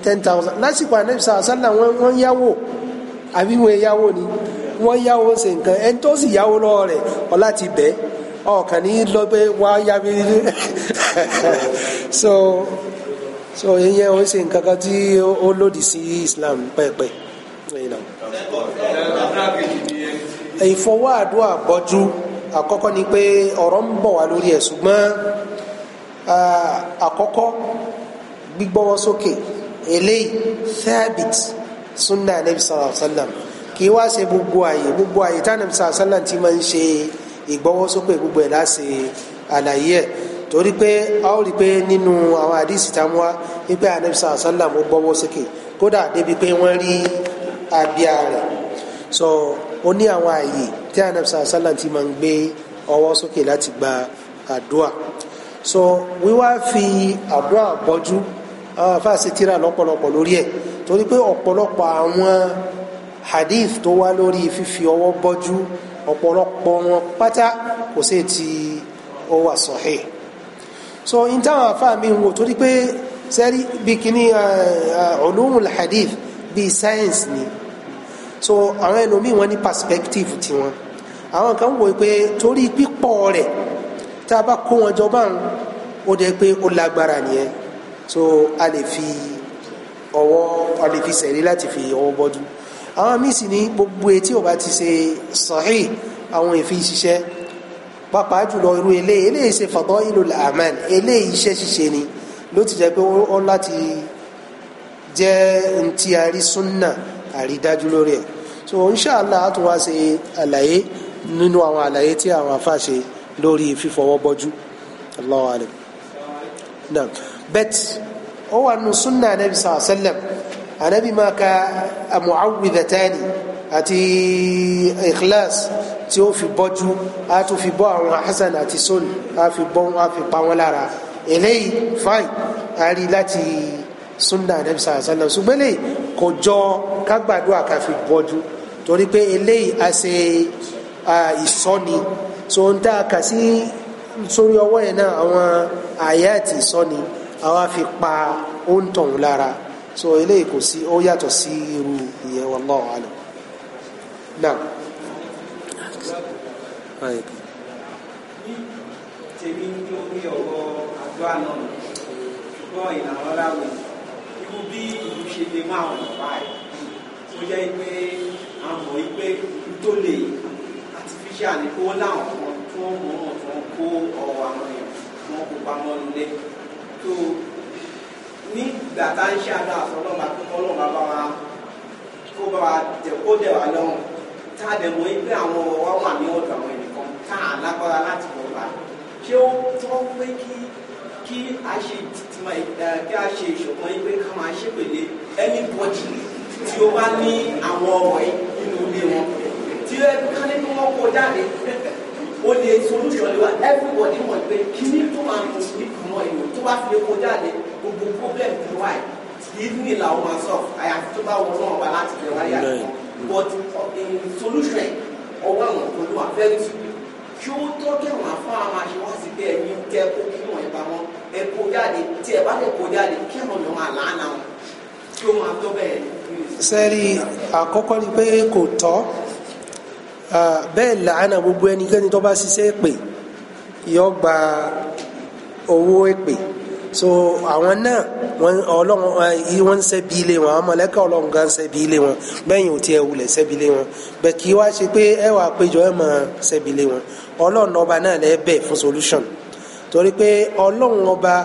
ten thousand lásìkò àná ìṣàṣàlà wọ́n yáwó àbí wọn yáwó ni wọn yáwó ṣe nǹkan ẹni tó sì yáwó lọ́wọ́ rẹ̀ ọ láti bẹ̀ ọkàn ní lọ pé wá yá mi so so ìyẹn ó ṣe nǹkan kan tí ó lòdì sí Islam pẹ́ẹ́pẹ́ ìfọwọ́ àdúrà bọ́jú àkọ́kọ́ ni pé ọ̀rọ̀ ń bọ̀ wá lórí ẹ̀ ṣùgbọ́n àkọ́kọ́ gbígbọ́wọ́ sókè eléyìí thabit. Okay sunna Nabi sallallahu Alaihi Wasallam. sallam kì í wá ṣe gbogbo àyè gbogbo àyè tí sallallahu Alaihi Wasallam sallam ti máa ń ṣe ìgbọ́wọ́sókè gbogbo ẹ̀ láṣẹ àlàyé ẹ̀ torí pé a ó rí pé nínú àwọn àdìsí tá a mú wa wípé anabi sallallahu Alaihi Wasallam sallam ó gbọ́wọ́ sókè kódà débi pé wọ́n rí abíyá rẹ̀ so ó ní àwọn àyè tí anabi sallallahu Alaihi Wasallam sallam ti máa ń gbé ọwọ́ sókè láti gba àdúrà so wíwá fi àdúrà bọ́jú àwọn afáàsì tíra lọ́pọ̀lọpọ̀ lórí ẹ̀ torí pé ọ̀pọ̀lọpọ̀ àwọn hadith tó wá lórí fífi ọwọ́ bọ́jú ọ̀pọ̀lọpọ̀ wọn pátá kò sí ti ó wà sọ̀hẹ́ so in táwọn afáà mi ń wò torí pé sẹ́rí bí kíní ulumul hadith bíi science ni so àwọn ẹlòmíì wọn ní perspective tiwọn àwọn kan wò pé torí pípọ̀ rẹ̀ tá a bá kó wọn jọ báwọn ó dẹ pé ó lágbára nìyẹn so a lè fi ọwọ́ a lè fi sẹ̀rí láti fi ọwọ́ bọ́dú àwọn míì sì ní gbogbo etí ò bá ti ṣe sọ̀rí àwọn èéfín ṣiṣẹ́ pàápàá jùlọ irú eléyìí eléyìí ṣe fàbọ́ ìlú làmán eléyìí iṣẹ́ ṣiṣẹ́ ni ló ti jẹ́ pé ó láti jẹ́ ntí àrí súnà àrídájú lórí ẹ̀ so inṣàlá a tún wá ṣe àlàyé nínú àwọn àlàyé tí àwọn afáṣe lórí fífọwọ́ bọ́jú Allah alim náà bet ó wà nù sunna anabi sàlá sẹlẹm anabi máa ka amuawidhatani àti ikhlas tí ó fi bọ́jú a tún fi bọ́ àwọn hasan àti son a fi bọ́ a fi pa wọn lára eléyìí fine a rí láti sunna anabi sàlá sẹlẹm ṣùgbọ́n eléyìí kò jọ ká gbàdúrà ká fi bọ́jú torí pé eléyìí a ṣe ìsọ́ni so ń tá a kà sí sórí ọwọ́ yẹn náà àwọn àwa fi pa òǹtọ̀n lára so eléyìí kò sí ó yàtọ̀ sí irú ìyẹn wallahu alam náà. tèmi ni kó láwọn kan tó mọ̀ ọ́n kó ọ̀rọ̀ àwọn èèyàn wọn kó pamọ́ nílé tó nígbà tá ń ṣe àdá àfọlọ́mà tó kọ́ lọ́mà bá wa kó bá wa tẹ̀ kó dẹ̀ wá lọ́rùn tá a dẹ̀ mọ̀ pé àwọn wa wà ní ọ̀dọ̀ àwọn ẹnìkan tá a lágbára láti bọ̀ bá ṣé ó tọ́ pé kí kí a ṣe kí a ṣe ìṣọ̀kan yìí pé ká máa ṣèpèlè ẹni bọ́jú tí ó bá ní àwọn ọ̀rọ̀ yìí nínú ilé wọn tí ẹ ká ní kí wọ́n kó jáde ó lè solúṣọ̀ lè wá everybody mọ̀ pé kí ní tó máa mú mọ́ èèyàn tó bá fi lè kó jáde gbogbo problem ti wá ẹ̀ ìdílé làwọn máa sọ àyàfi tó bá wọn náà wà láti lè wáyà but eh, solution ọwọ́ àwọn kan ló wà very simple kí ó tọ́ kẹwọn afárá máa ṣe wá sí pé ẹ̀yin tẹ kó kí wọ́n ẹ̀ bá wọn ẹ̀ kó jáde tí ẹ̀ bá lè kó jáde kẹwọn ló máa làánà wọn kí ó máa tọ́ bẹ́ẹ̀. sẹ́rí àkọ́kọ́ ni pé kò tọ́ ah, bẹ́ẹ̀ làánà gbogbo ẹnikẹ́ni tó bá ṣiṣẹ́ pè yọ gba owó èpè so àwọn náà wọn ọlọ́run wọn ń ṣẹ́bi ilé wọn àwọn mọ̀lẹ́kà ọlọ́run gan ṣẹ́bi ilé wọn bẹ́yìn ò tiẹ̀ wulẹ̀ ṣẹ́bi ilé wọn bẹ́ẹ̀ kí wá ṣe pé ẹ wàá péjọ ẹ máa ṣẹ́bi ilé wọn ọlọ́run ọba náà lẹ́ bẹ̀ fún solution torí pé ọlọ́run ọba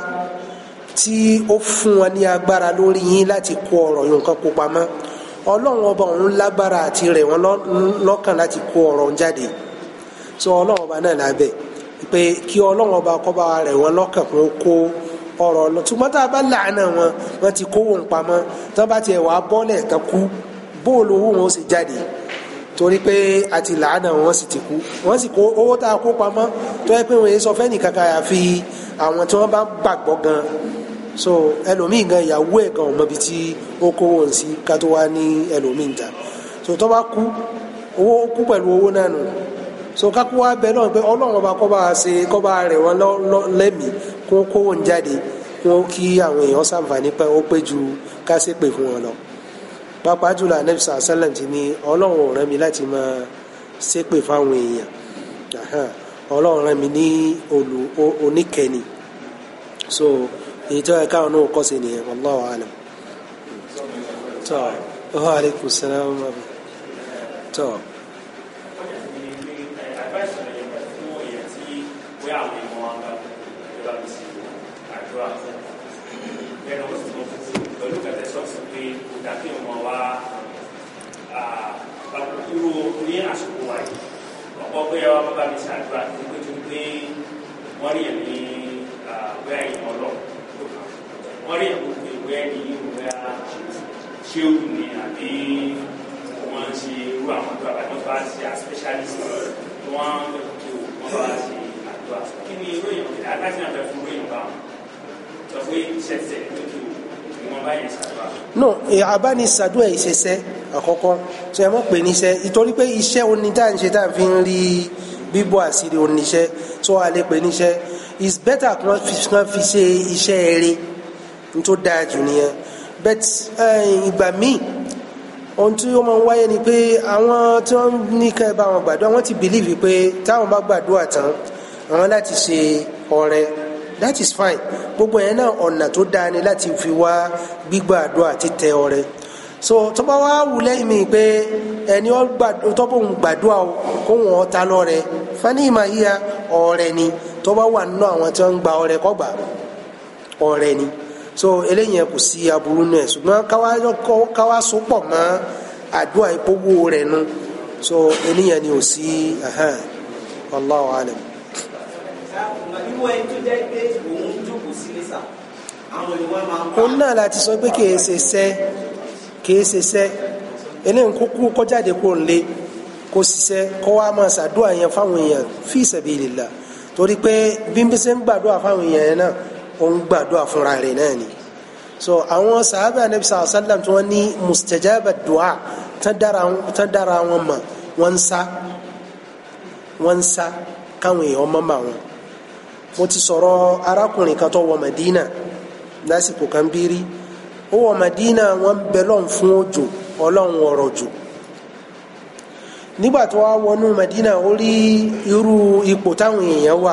tí ó fún wọn ní agbára lórí yín láti kó ọ̀rọ̀ yìí nǹkan kó pamọ́ ọlọ́run ọba òun lágbára àti rẹ̀ wọn lọ́kàn láti kó ọ̀rọ̀ jáde so ọlọ́run ọba náà lábẹ́ pé kí ọlọ́run ọba kọ́ba rẹ̀ wọ́n lọ́kàn pé ó kó ọ̀rọ̀ lọ ṣùgbọ́n tá a bá làánà wọn wọ́n ti kó wọn pamọ́ tó bá tiẹ̀ wàá bọ́lẹ̀ tán kú bóòlù owó wọn ó sì jáde torí pé a ti làánà wọn sì ti kú wọn sì kó owó tá a kó pamọ́ tó yẹ pé wọn yéé sọ fẹ́ nìkan kan àfi àwọn tí wọ́n bá gbàgbọ́ gan so ẹlòmíì gan ìyàwó ẹ̀ gan ọmọbi tí ó kó wọn sí ká tó wá ní ẹlòmíì ta so tó bá kú owó kú pẹ̀lú owó náà nù so kákó wa bẹ náà pé ọlọ́run ọba kọ́ bá ṣe kọ́ bá rẹ̀ wọ́n lẹ́mìí kó kówó ń jáde kó kí àwọn èèyàn ṣàǹfààní pé ó pé ju kásẹ̀ pè fún wọn lọ pàápàá jùlọ anabi sàn sálẹm ti ní ọlọ́run ọ̀rẹ́ mi láti máa ṣépè fáwọn èèyàn ọlọ́run rẹ̀ mi ní olù oníkẹ́ni so èyí tó yẹ káwọn náà kọ́ sí nìyẹn wallahu alam tó wa aleykum salaam tó. pé àwọn ìmọ̀ wọn bá ìjọba mi sí àdúrà bẹ́ẹ̀ wọ́n sì mọ̀ pẹ̀lú kẹtẹ sọ́ọ̀sì pé kò dà kí ọmọ wa irú ní àsìkò wa yìí ọ̀pọ̀ pé ẹwà bàbá mi ṣàdúrà tó pé tó ni àbí wọ́n ṣe irú àwọn tó àbájọ́ bá specialist wọ́n kí wa kí ni irú èèyàn àtàkùn àbẹ fún irú èèyàn bá wọn sọ pé ṣẹṣẹ lókè ìwọn bá yẹn ṣàdúrà. no abánisàdúrà ìṣẹṣẹ àkọ́kọ́ tó ẹ mọ̀ pé níṣẹ́ ìtorí pé iṣẹ́ oní tá à ń ṣe tá à fi ń rí bíbọ̀ àṣírí oníṣẹ́ tó a lè pè níṣẹ́ is better kí wọ́n fi ṣe iṣẹ́ eré tó dáa jù nìyẹn but eh, ìgbà míì ohun tí ó máa ń wáyé ni pé àwọn tí wọ́n ní ká ẹ bá wọn gbàdúrà wọ́n ti bìlíìfì pé táwọn bá gbàdúrà tán àwọn láti ṣe ọrẹ that is fine gbogbo yẹn náà ọ̀nà tó dáa ni láti fi wá gbígbà àdúrà àti tẹ ọrẹ so tó bá wá wù lẹ́yìn mi pé ẹni tó bó ń gbàdúrà kó wọn ta lọ́rẹ fani ìmàhíya ọrẹ ni tó bá wà nínú àwọn tí wọn ń gba ọrẹ kọgbà ọrẹ ni so eléyìí yẹn kò sí aburú náà ṣùgbọ́n káwá so pọ̀ mọ́ àdúrà ìpowó rẹ̀ nu so eléyìí yẹn ni ò sí Allahu alam irú ẹni tó jẹ́ pé òun jókòó sílé sà àwọn ìwọ máa ń pa. òun náà láti sọ pé kìí ṣe sẹ́ kìí ṣe sẹ́ eléyìí kúkú kọjáde kó ń lé kó ṣiṣẹ́ kó wá máa ṣàdúrà yẹn fáwọn èèyàn fi sabilillah torí pé bí bí ṣe ń gbàdúrà fáwọn èèyàn yẹn náà òun gbàdúrà fúnra rẹ̀ náà ni so àwọn sàhábà anabi sàlá sàlám tí wọ́n ní mustajaba du'a tán dára wọn mọ̀ wọ́n ń sá wọ́n ń sá káwọn èèyàn mọ̀ mọ̀ wọn. mo ti sọ̀rọ̀ arákùnrin kan tó wọ Madina lásìkò kan bírí ó wọ Madina wọ́n bẹ lọ́n fún òjò ọlọ́run ọ̀rọ̀ jù nígbà tó wá wọnú Madina ó rí irú ipò táwọn èèyàn wà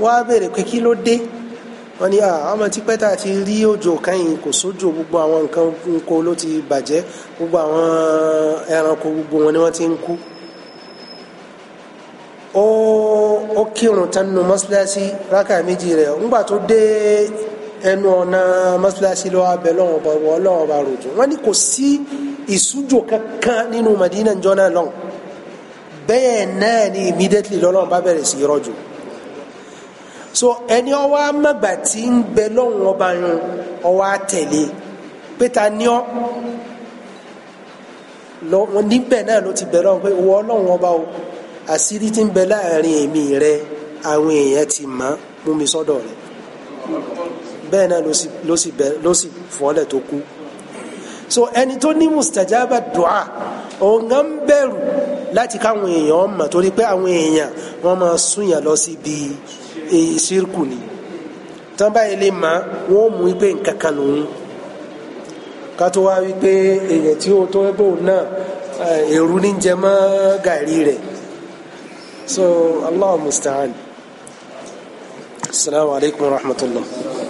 wọ́n á béèrè pé kí ló dé wọ́n ní àmọ́ tí pẹ́tà ti rí òjò kẹ́yìn kò sójò gbogbo àwọn nǹkan ńkó ló ti bàjẹ́ gbogbo àwọn ẹranko gbogbo wọn ni wọ́n ti ń kú. ó ó kírun tán nu mọ́sálásí rákà méjì rẹ̀ ńgbà tó dé ẹnu ọ̀nà mọ́sálásí lọ́wọ́ abẹ lọ́wọ́ ọba wọ́ lọ́wọ́ ọba rojò wọ́n ní kò sí ìsújò kankan nínú Madina njọ́ náà lọ́wọ́ bẹ́ẹ̀ náà ni immediately lọ́lọ́wọ́ bá bẹ̀rẹ̀ sí rọ̀jò so ẹni ọwọ́ amagba tí ń bẹ lọ́wọ́ ọba yun ọwọ́ àtẹ̀lé pété ni ọ́ níbẹ̀ náà ló ti bẹ̀ lọ́wọ́ pé wọ́ àṣírí tí ń bẹ láàrin èmi rẹ àwọn èèyàn ti mọ̀ mú mi sọ́dọ̀ rẹ bẹ́ẹ̀ náà ló sì fọ́lẹ̀ tó kú so ẹni tó ní mustajaba dua òun gan bẹ̀rù láti káwọn èèyàn mọ̀ torí pé àwọn èèyàn wọ́n máa súnyàn lọ síbi ṣírkù ni tán báyìí lè mọ̀ wọ́n mú pé nǹkan kan lòun kátó wá wípé èèyàn tí ó tó ẹgbẹ́ òun náà èrú ní jẹ gàrí rẹ̀ So Allah musta'an. Assalamu alaikum wa rahmatullah.